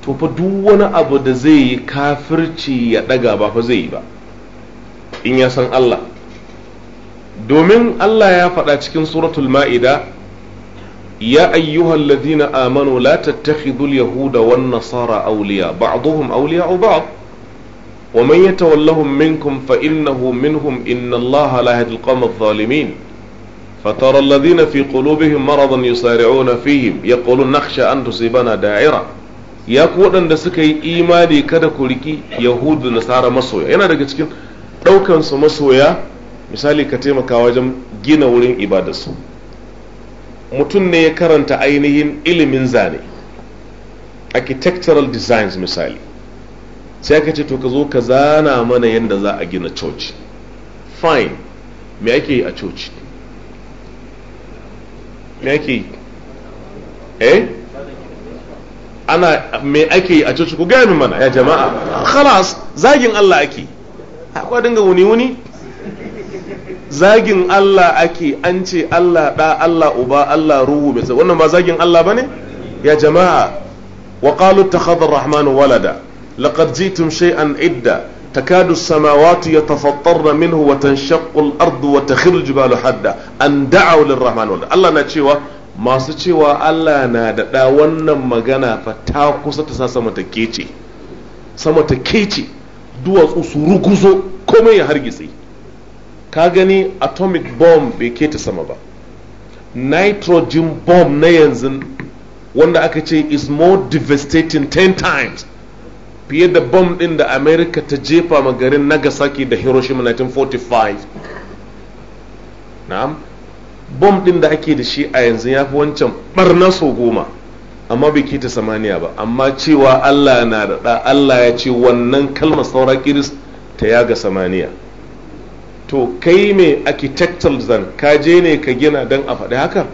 [SPEAKER 1] to fa duk wani abu da zai yi kafirci ya ɗaga ba fa zai yi ba in ya san Allah domin Allah ya faɗa cikin suratul ma'ida يا أيها الذين آمنوا لا تتخذوا اليهود والنصارى أولياء بعضهم أولياء بعض ومن يتولهم منكم فإنه منهم إن الله لا يهدي القوم الظالمين فترى الذين في قلوبهم مرضا يسارعون فيهم يقولون نخشى أن تصيبنا داعرة ya ku waɗanda suka yi imani kada ku riki yahudu nasara masoya yana daga cikin ɗaukansu masoya misali ka taimaka wajen gina wurin ibadarsu mutum ne ya karanta ainihin ilimin zane architectural designs misali sai ka ce to ka zo ka zana mana yadda za a gina coci fine me ake yi a coci me ake yi eh ana me ake yi a coci ku gaya min mana ya jama'a khalas zagin Allah ake akwai dinga wuni wuni zagin Allah ake an ce Allah ɗa Allah uba Allah ruhu bai wannan ba zagin Allah bane ya jama'a wa qalu takhadha ar-rahman walada laqad jitum shay'an idda takadu as ya tafattarra minhu wa tanshaqqu al-ardu wa takhiru jibalu hadda an da'u lir-rahman Allah na cewa masu cewa Allah na da ɗa wannan magana fa ta kusa ta sa sama ta kece sama ta kece duwatsu su ruguzo komai ya hargitse ka gani atomic bomb bai keta sama ba nitrogen bomb na yanzu wanda aka ce is more devastating 10 times fiye da bomb din da america ta jefa ma garin nagasaki da hiroshima 1945 na'am bomb din da ake da shi a yanzu ya fi wancan barna so goma amma bai keta samaniya ba amma cewa allah na da allah ya ce wannan kalmar saura kiris ta yaga samaniya to kai me architectural zan ka je ne ka gina don a faɗi haka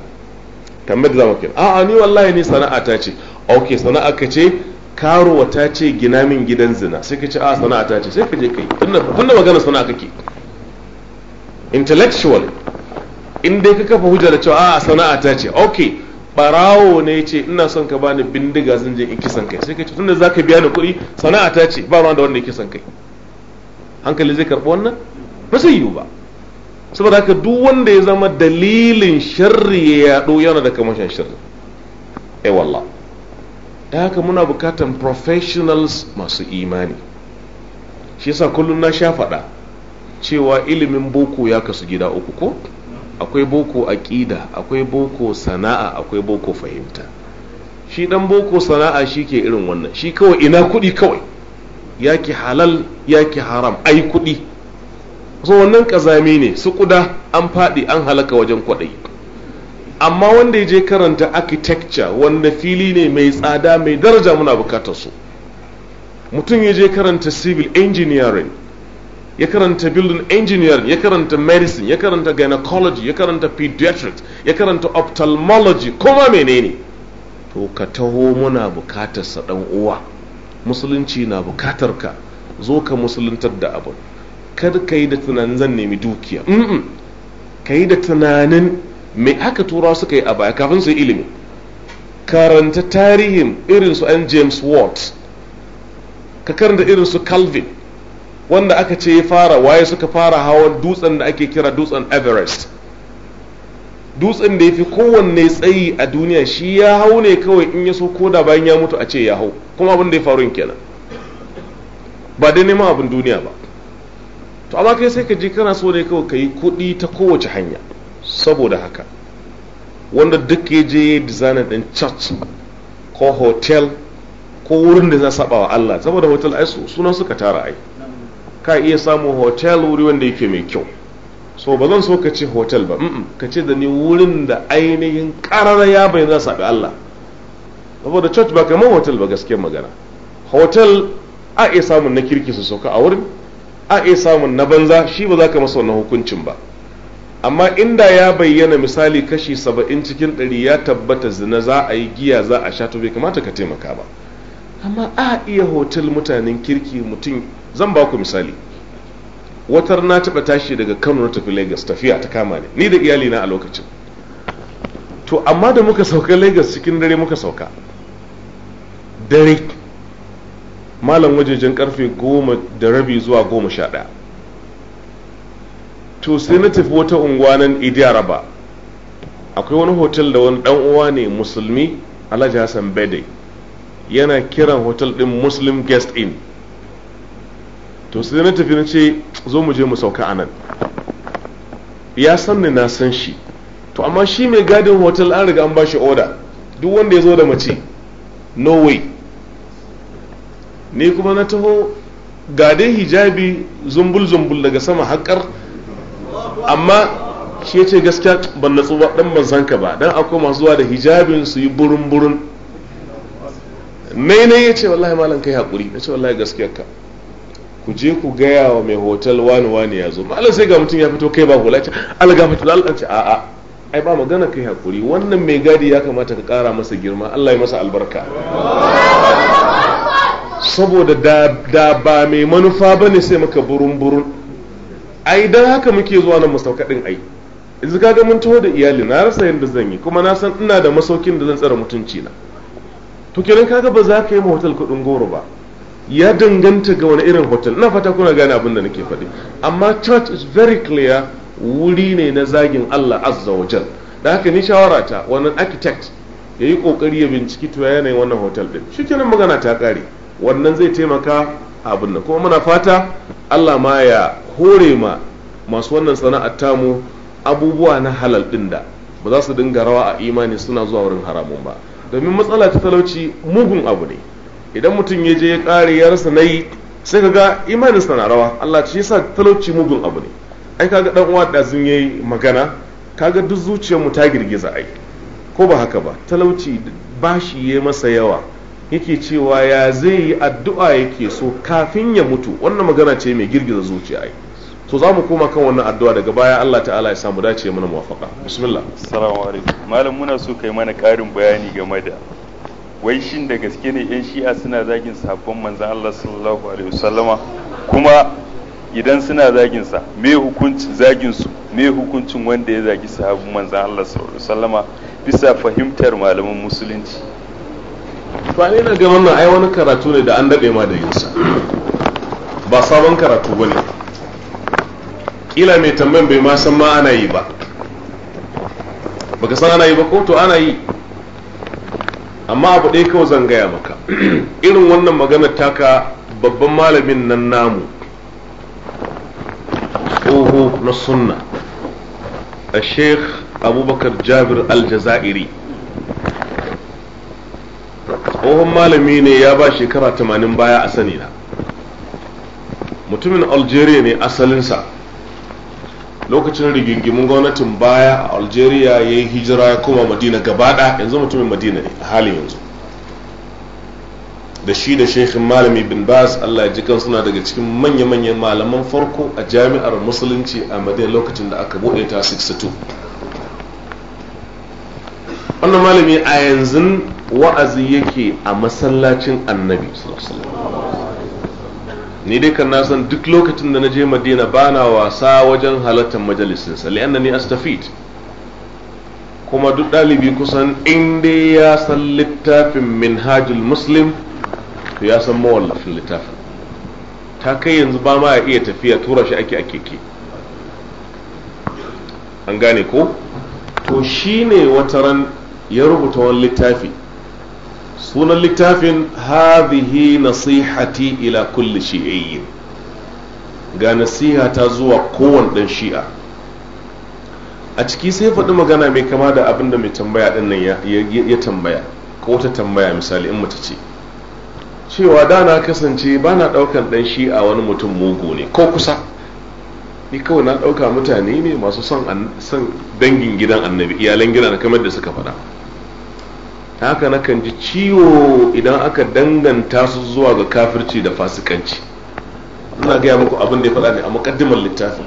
[SPEAKER 1] tambayar da a a'a ni wallahi ne sana'a ta ce ok sana'a ka ce karuwa ta ce gina min gidan zina sai ka ce a sana'a ta ce sai ka je kai tunda magana sana'a kake intellectual in dai ka kafa hujja da cewa a sana'a ta ce ok barawo ne ce ina son ka bani bindiga zan je in kisan kai sai ka ce tunda ka biya ni kuɗi sana'a ta ce ba ruwan da wanda ya kisan kai hankali zai karɓi wannan ba zai yiwu ba saboda haka duk wanda ya zama dalilin sharri ya yaɗo yana da kamashin sharri eh wallah da haka muna bukatan professionals masu imani shi yasa kullum na sha faɗa cewa ilimin boko ya kasu gida uku ko akwai boko aƙida akwai boko sana'a akwai boko fahimta shi dan boko sana'a shi ke irin wannan shi kawai ina kuɗi kawai yaki halal yaki haram ai kuɗi so wannan kazami ne su kuda an faɗi an halaka wajen kwaɗayi amma wanda ya je karanta architecture wanda fili ne mai tsada mai daraja muna bukatar su mutum ya je karanta civil engineering ya karanta building engineering ya karanta medicine ya karanta gynecology ya karanta pediatrics ya karanta ophthalmology kuma menene to ka taho muna bukatar sa uwa musulunci na bukatar ka zo ka musuluntar da abu kar ka yi da tunanin zan nemi dukiya ka yi da tunanin mai haka tura suka yi a baya kafin su yi ilimi karanta tarihin irin su an james watt ka karanta irin su calvin wanda aka ce ya fara waye suka fara hawan dutsen da ake kira dutsen everest dutsen da ya fi kowanne tsayi a duniya shi ya hau ne kawai in ya so koda bayan ya mutu a ce ya hau kuma abin da ya faru kenan ba dai neman abin duniya ba to amma kai sai ka je kana so ne kawai ka yi kuɗi ta kowace hanya saboda haka wanda duk ya je designer ɗin church ko hotel ko wurin da za saba wa Allah saboda hotel ai sunan suka tara ai ka iya samun hotel wuri wanda yake mai kyau so ba zan so ka ce hotel ba ka ce da ni wurin da ainihin ƙarara ya bai za saɓi Allah saboda church ba kamar hotel ba gaskiyar magana hotel a iya samun na kirki su sauka a wurin a iya samun na banza shi ba za ka masa wannan hukuncin ba amma inda ya bayyana misali kashi saba'in cikin ɗari ya tabbata zina za a yi giya za a sha to bai kamata ka taimaka ba amma a iya hotel mutanen kirki mutum zan ba ku misali watar na taɓa tashi daga kano na tafi lagos tafiya ta kama ne ni da iyali na a lokacin to amma da muka sauka lagos cikin dare muka sauka dare malam wajejen karfe goma da rabi zuwa goma sha ɗaya to sai na tafi wata unguwa nan akwai wani hotel da wani dan uwa ne musulmi alhaji hassan bede yana kiran hotel din muslim guest in to sai na tafi na ce zo mu je mu sauka a nan ya san ni na san shi to amma shi mai gadin hotel an riga an bashi shi oda duk wanda ya zo da mace no way ni kuma na taho ga dai hijabi zumbul zumbul daga sama haƙar amma shi ce gaskiya ban natsu ba dan ban san ka ba dan akwai masu zuwa da hijabin su yi burun burun nai nai yace wallahi malam kai hakuri yace wallahi gaskiyar ka ku je ku gaya wa mai hotel wani wani ya zo malam sai ga mutum ya fito kai ba hula ce alga mutum Allah ce a'a ai ba magana kai hakuri wannan mai gadi ya kamata ka kara masa girma Allah ya masa albarka saboda da ba mai manufa ba ne sai muka burun burun ai don haka muke zuwa nan masauka ai yanzu kaga mun taho da iyali na rasa yadda zan yi kuma na san ina da masaukin da zan tsara mutunci na to kenan kaga ba za ka yi ma hotel kuɗin goro ba ya danganta ga wani irin hotel na fata kuna gane abin da nake faɗi amma church is very clear wuri ne na zagin Allah azza wa jal da haka ni shawara ta wannan architect ya yi kokari ya binciki to yanayin wannan hotel din shikenan magana ta kare wannan zai taimaka abin nan kuma muna fata Allah ma ya hore ma masu wannan sana'ar tamu abubuwa na halal din da ba za su dinga rawa a imani suna zuwa wurin haramun ba domin matsala ta talauci mugun abu ne idan mutum ya je ya kare ya rasa na yi sai ka ga imanin na rawa Allah ce yasa talauci mugun abu ne ai kaga dan uwa da zun yayi magana kaga duk zuciyar mu ta girgiza ai ko ba haka ba talauci bashi yayi masa yawa yake cewa ya zai yi addu'a yake so kafin ya mutu wannan magana ce mai girgiza zuciya ai to za mu koma kan wannan addu'a
[SPEAKER 2] daga baya Allah ta'ala ya samu dace mana muwafaka bismillah assalamu alaikum malam muna so kai mana karin bayani game da wai shin da gaske ne yan shi'a suna zagin sabon manzon Allah sallallahu alaihi wasallama kuma idan suna zagin sa me hukuncin zagin su me hukuncin wanda ya zagi sahabban manzon Allah sallallahu alaihi wasallama bisa fahimtar malamin musulunci
[SPEAKER 1] ba ne na ga wannan ai wani karatu ne da an daɗe ma da yinsa ba sabon karatu ba ne ƙila mai tambayan bai ma san ma ana yi ba baka san ana yi ba ko to ana yi amma abu ɗaya kawai zan gaya maka irin wannan maganar taka babban malamin nan namu oho na sunna a sheikh abubakar jabir aljazairi tsohon malami ne ya ba shekara tamanin baya a sani na mutumin algeria ne asalinsa lokacin rigingimin gwamnatin baya a algeria ya yi hijira ya koma madina gabaɗa yanzu mutumin madina ne a halin yanzu da shi da shekhin malami bin bas allah ya ji kan suna daga cikin manya-manyan malaman farko a jami'ar musulunci a madina lokacin da aka buɗe ta 62 wannan malami a yanzu wa'azi yake a masallacin annabi ni dai kan san duk lokacin da na je madina bana wasa wajen halartar majalisinsa li'anna ni astafid kuma duk ɗalibi kusan in dai ya san littafin minhajul muslim to ya san mawallafin littafin ta kai yanzu ba ma ya iya tafiya tura shi ake a keke an gane ko to shine wata ran ya rubuta wani littafi sunan littafin hadhihi nasihati ila kulli shi'iyyin ga nasiha ta zuwa kowane ɗan shi'a a ciki sai faɗi magana mai kama da abin da mai tambaya ɗin nan ya tambaya ko ta tambaya misali in mace ce cewa da na kasance ba na ɗaukan ɗan shi'a wani mutum mugu ne ko kusa ni kawai na ɗauka mutane ne masu son dangin gidan annabi iyalan gidan kamar da suka faɗa haka na kan ji ciwo idan aka danganta su zuwa ga kafirci da fasikanci ina gaya muku abin da ya faɗa ne a muƙaddimar littafin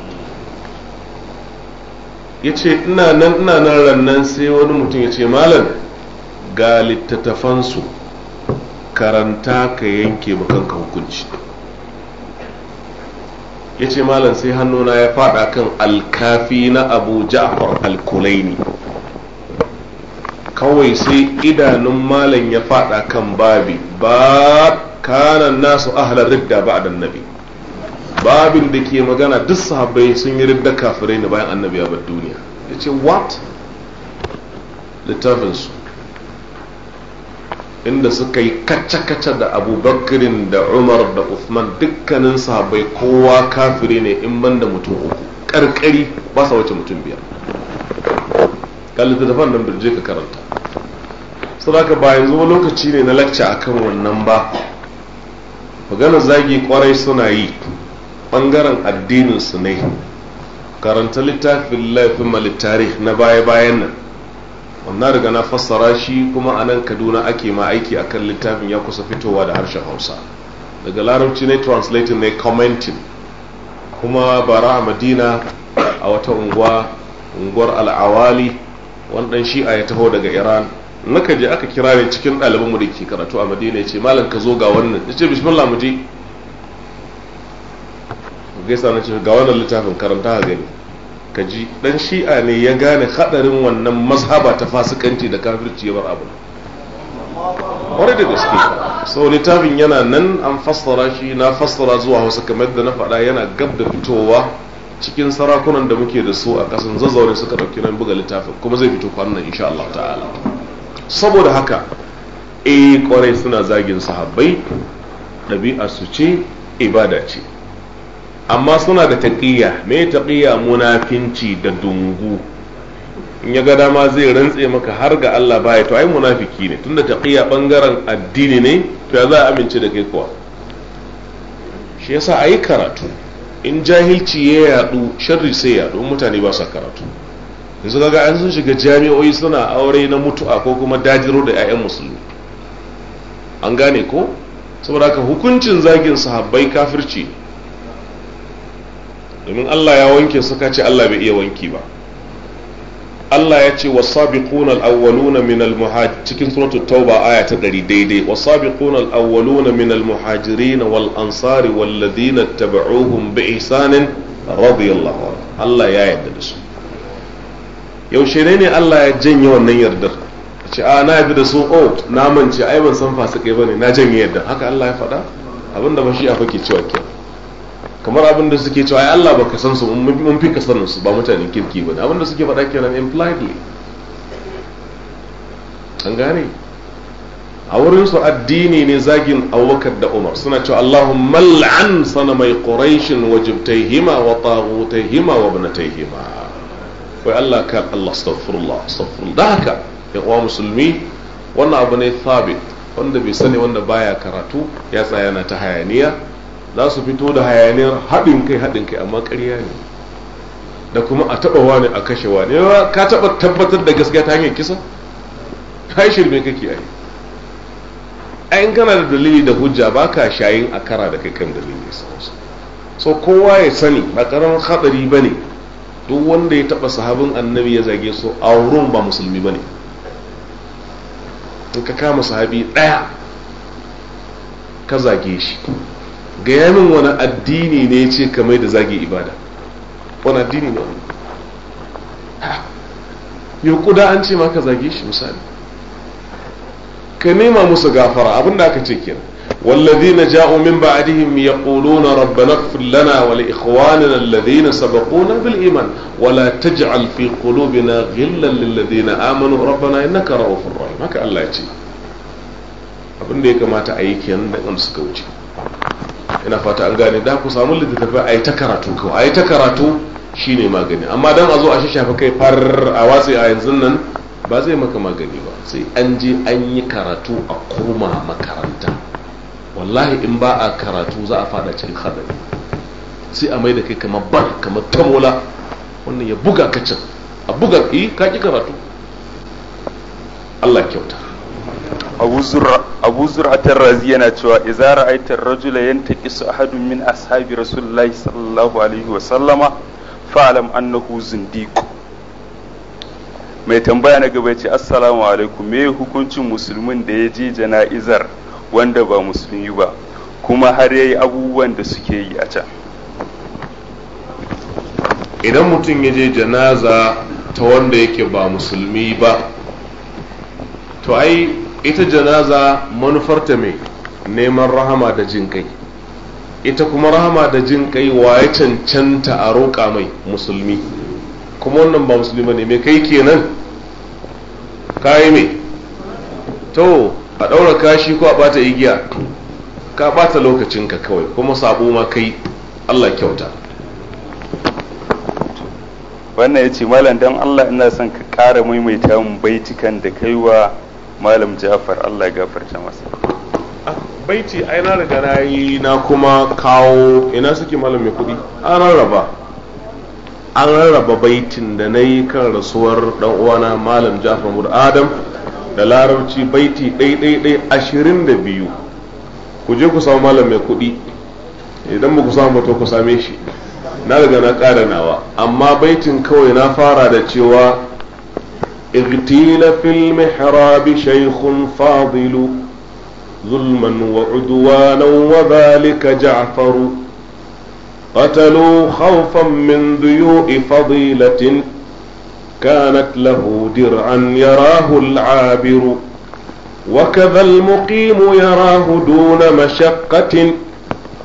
[SPEAKER 1] ya ce ina nan ina nan rannan sai wani mutum ya ce malam ga littattafansu karanta ka yanke kanka hukunci yace malam sai hannuna ya faɗa kan alkafi na abu ja'far alkulaini kawai sai idanun malam ya faɗa kan babi ba kanan nasu ahlar ridda ba a dannabi babin da ke magana duk sahabbai sun yi ridda kafirai ne bayan annabi a bar duniya yace what littafin su inda suka yi kacce-kacce da abubakirin da umar da uthman dukkanin sahabbai kowa kafiri ne in banda mutum uku karkari ba sa wace mutum biyar kalli littattafan nan birje ka karanta sadaka ba yanzu lokaci ne na lacca akan wannan ba maganar zagi kwarai suna yi bangaren addinin su ne karanta littafin laifin malitare na baya-bayan nan na riga na fassara shi kuma a nan kaduna ake ma aiki a kan littafin ya kusa fitowa da harshen hausa daga larabci ne translating ne commenting kuma bara a madina a wata unguwa unguwar al'awali shi a ya taho daga iran naka je aka kira ni cikin ɗalibinmu da ke karatu a madina ya ce malam ka zo ga wannan ya ce bismillah mu je gaisa na ce ga wannan littafin karanta ha gani ka ji dan shi'a ne ya gane hadarin wannan mazhaba ta fasikanci da kafirci ya bar abu kwarai da gaske sau littafin yana nan an fassara shi na fassara zuwa wasu kamar da na faɗa yana gab da fitowa cikin sarakunan da muke da su a ƙasan zazzaune suka ɗauki nan buga littafin kuma zai fito kwanan insha Allah ta'ala saboda haka eh kwarai suna zagin sahabbai ɗabi'a su ce ibada ce amma suna da taƙiyya me taƙiyya munafinci da dungu in ya ga dama zai rantse maka har ga Allah baya to ai munafiki ne tunda taqiya bangaren addini ne to ya za a amince da kai kuwa shi yasa ayi karatu in jahilci ya yadu sharri sai yadu mutane ba sa karatu yanzu ga an sun shiga jami'o'i suna aure na mutu'a ko kuma dajiro da 'ya'yan musulmi an gane ko saboda haka hukuncin zagin sahabbai kafirci ne domin Allah ya wanke su kace Allah bai iya wanki ba Allah ya ce wasabiquna al-awwaluna min al-muhaj cikin suratul tauba aya ta 100 daidai wasabiquna al-awwaluna min al-muhajirin wal ansari wal ladina tabauhum bi ihsanin radiyallahu anhu Allah ya yarda da su yaushe ne Allah ya janye wannan yardar ce a ah, na bi da su oh na mance ai ban san fasike bane na janye yarda haka Allah ya faɗa abinda ba shi a fake cewa kenan kamar abin da suke cewa ai Allah baka san su mun fi ka san su ba mutanen kirki bane abin da suke faɗa kenan impliedly an gane a wurin su addini ne zagin Abubakar da Umar suna cewa Allahumma mal'an sanamai Quraysh wa hima wa ta wa hima wai Allah ka Allah astaghfirullah astaghfirullah da haka ya kuwa musulmi wannan abu ne thabit wanda bai sani wanda baya karatu ya tsaya na ta hayaniya za su fito da hayaniyar haɗin kai haɗin kai amma ƙarya ne da kuma a taɓa wani a kashe wani ka taɓa tabbatar da gaskiya ta hanyar kisa ka yi shirme kake yi ayin kana da dalili da hujja ba ka shayin a kara da kai kan dalili so kowa ya sani ba ƙaramin haɗari ba ne duk wanda ya taɓa sahabin annabi ya zage su a wurin ba musulmi ba ne ka kama sahabi ɗaya ka zage shi gaya min wani addini ne ya ce kamar da zagi ibada wani addini ne wani kuda an ce maka zage shi misali ka nema musu gafara abin da aka ce kenan والذين جاءوا من بعدهم يقولون ربنا اغفر لنا ولإخواننا الذين سبقونا بالإيمان ولا تجعل في قلوبنا غلا للذين آمنوا ربنا إنك رؤوف رحيم هكا الله يجي abin da ya kamata a yi kenan da suka wuce ina fata an gane da ku samu littattafai a yi ta karatu kawai a yi ta karatu shi ne magani amma don a zo a shafa kai far a watsi a yanzu nan ba zai maka magani ba sai an je an yi karatu a koma makaranta wallahi in ba a karatu za a fada cikin hadari sai a mai da kai kamar bar kamar tamola
[SPEAKER 2] wannan ya buga ka can a buga eh, ka ki karatu Allah kyauta abu zur'atar razi yana cewa ra'aitar rajula yan taƙi su ahadun min ashabi rasulullahi sallallahu alaihi wa sallama fa'alam annahu zindiq mai tambaya na gaba ce assalamu alaikum me hukuncin musulmin da ya je jana'izar wanda ba musulmi ba kuma har yayi abubuwan da suke yi a can idan mutum
[SPEAKER 1] ya je janaza ta wanda yake ba musulmi ba to ai ita janaza manufarta mai neman rahama da jin kai ita kuma rahama da jin kai ya cancanta a roƙa mai musulmi kuma wannan ba musulmi ne mai kai kenan kayi mai to a ɗaura kashi ko a ɓata igiya ka ɓata ka
[SPEAKER 2] kawai kuma sabo ma kai allah kyauta wannan ya ce malam don allah ina son ka ƙara maimaita mun baitukan da kaiwa malam jafar allah ya gafarta masa
[SPEAKER 1] ah, baiti ai na riga na yi na kuma kawo ina suke malam mai kuɗi an rarraba an rarraba baitin da na yi kan rasuwar dan uwana malam jafar mur adam da larabci baiti ɗai ashirin da biyu ku je ku samu malam mai kuɗi idan ba ku samu to ku same shi na riga na ƙara nawa amma baitin kawai na fara da cewa اغتيل في المحراب شيخ فاضل ظلما وعدوانا وذلك جعفر قتلوا خوفا من ذيوء فضيلة كانت له درعا يراه العابر وكذا المقيم يراه دون مشقة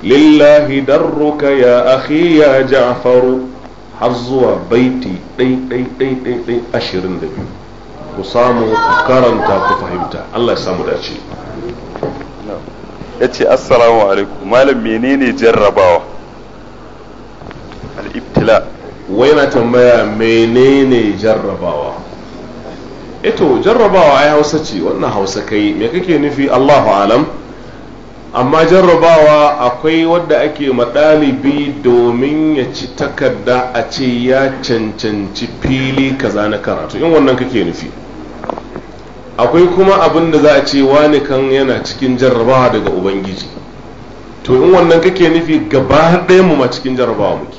[SPEAKER 1] لله درك يا أخي يا جعفر har zuwa baiti ɗai ashirin da biyu ku samu ku karanta ku
[SPEAKER 2] fahimta Allah ya samu dace ya ce assalamu alaikum malam menene jarrabawa al-ibtila wai na
[SPEAKER 1] tambaya menene jarrabawa eto eh jarrabawa ai hausa ce wannan hausa kai me kake nufi Allahu alam amma jarrabawa akwai wadda ake maɗalibi domin ya ci takarda a ce ya cancanci fili kaza na karatu in wannan kake nufi akwai kuma abin da za a ce wani kan yana cikin jarrabawa daga ubangiji to in wannan kake nufi gaba ɗaya mu ma cikin jarrabawa muke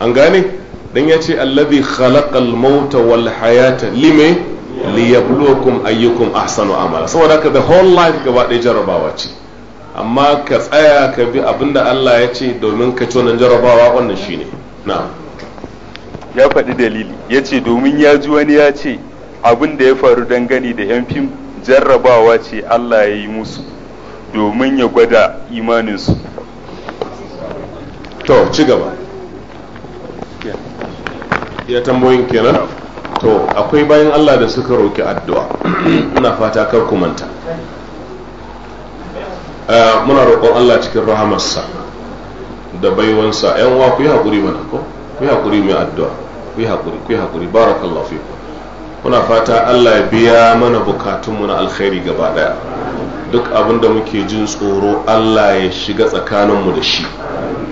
[SPEAKER 1] an gane dan ya ce allazi khalaqal mauta wal hayata lime liyabluwakum ayyukum ahsanu amala saboda haka the whole life gaba ɗaya jarabawa ce amma ka
[SPEAKER 2] tsaya ka bi abinda Allah ya ce domin ka ci wannan jarabawa wannan shine na'am ya faɗi dalili ya ce domin ya ji wani ya ce abin da ya faru dangane da yan fim jarrabawa ce Allah ya yi musu domin ya gwada imaninsu to ci gaba
[SPEAKER 1] ya tambayin kenan to akwai bayan Allah da suka roƙi addu'a ina fata kar ku manta eh, muna roƙon Allah cikin rahamarsa da baiwansa yan uwa ku yi haƙuri mana ko ku yi haƙuri mai addu'a ku yi haƙuri ku yi haƙuri barakallahu fiku muna fata allah ya biya mana bukatunmu na alkhairi gaba daya duk abin da muke jin tsoro allah ya shiga tsakaninmu da shi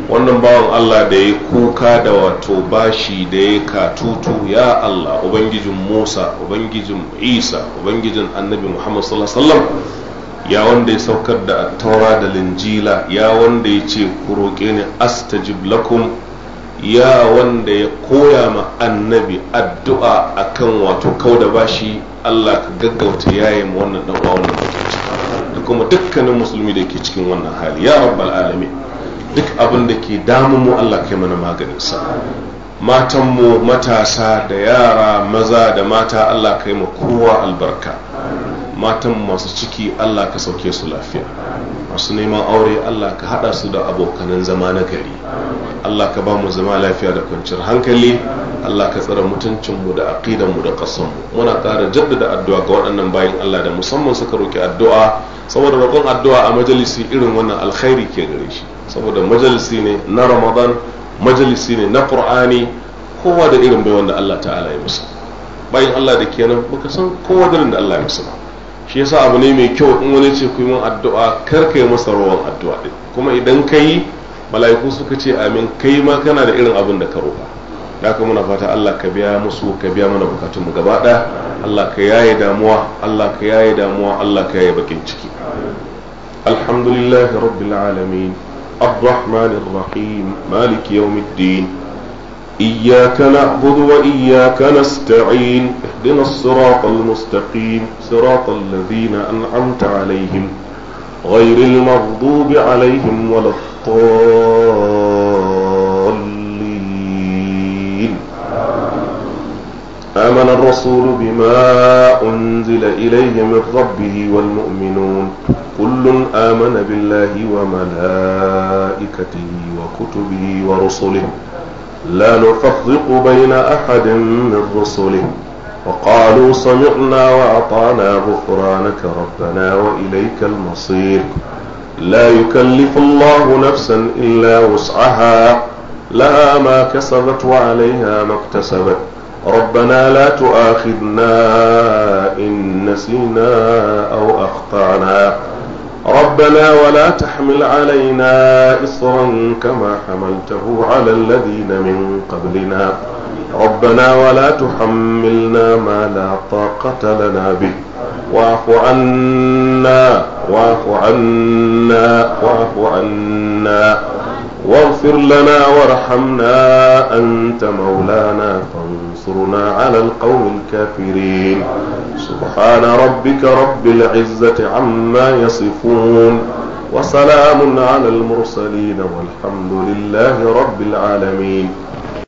[SPEAKER 1] wannan bawan allah da ya kuka da wato bashi da ya katutu ya allah ubangijin musa ubangijin isa ubangijin annabi muhammad sallallahu ya wanda ya saukar da taura da linjila ya wanda ya ce ku roƙe ni astajib lakum ya wanda ya koya ma annabi addu'a akan wato kau da bashi Allah ka gaggauta yaye ma wannan dan uwa wannan da kuma dukkanin musulmi da ke cikin wannan hali ya rabbal alamin duk abin da ke damun mu Allah kai mana maganinsa. Matanmu matasa da yara maza da mata Allah kai ma kowa albarka matan masu ciki Allah ka sauke su lafiya masu neman aure Allah ka hada su da abokanan zama na gari Allah ka ba mu zama lafiya da kwanciyar hankali Allah ka tsara mutuncinmu da mu da ƙasanmu muna ƙara jaddada addu'a ga waɗannan bayan Allah da musamman suka roki addu'a saboda roƙon addu'a a majalisi irin wannan alkhairi ke gare shi saboda majalisi ne na Ramadan majalisi ne na Qur'ani kowa da irin bai wanda Allah ta'ala ya musu bayan Allah da kenan muka san kowa da Allah ya musu shi yasa abu ne mai kyau in wani ce ku yi min addu'a kar ka masa ruwan addu'a din kuma idan ka yi mala'iku suka ce amin kai ma kana da irin abin da ka roƙa da kuma muna fata Allah ka biya musu ka biya mana bukatun mu gaba Allah ka yaye damuwa Allah ka yaye damuwa Allah ka yaye bakin ciki alhamdulillahi rabbil alamin arrahmanir rahim maliki yawmiddin إياك نعبد وإياك نستعين اهدنا الصراط المستقيم صراط الذين أنعمت عليهم غير المغضوب عليهم ولا الضالين آمن الرسول بما أنزل إليه من ربه والمؤمنون كل آمن بالله وملائكته وكتبه ورسله لا نفرق بين أحد من رسله وقالوا سمعنا وأطعنا غفرانك ربنا وإليك المصير لا يكلف الله نفسا إلا وسعها لها ما كسبت وعليها ما اكتسبت ربنا لا تؤاخذنا إن نسينا أو أخطأنا ربنا ولا تحمل علينا إصرا كما حملته على الذين من قبلنا ربنا ولا تحملنا ما لا طاقة لنا به واعف عنا واعف عنا واعف عنا واغفر لنا وارحمنا أنت مولانا فانصرنا على القوم الكافرين سبحان ربك رب العزة عما يصفون وسلام على المرسلين والحمد لله رب العالمين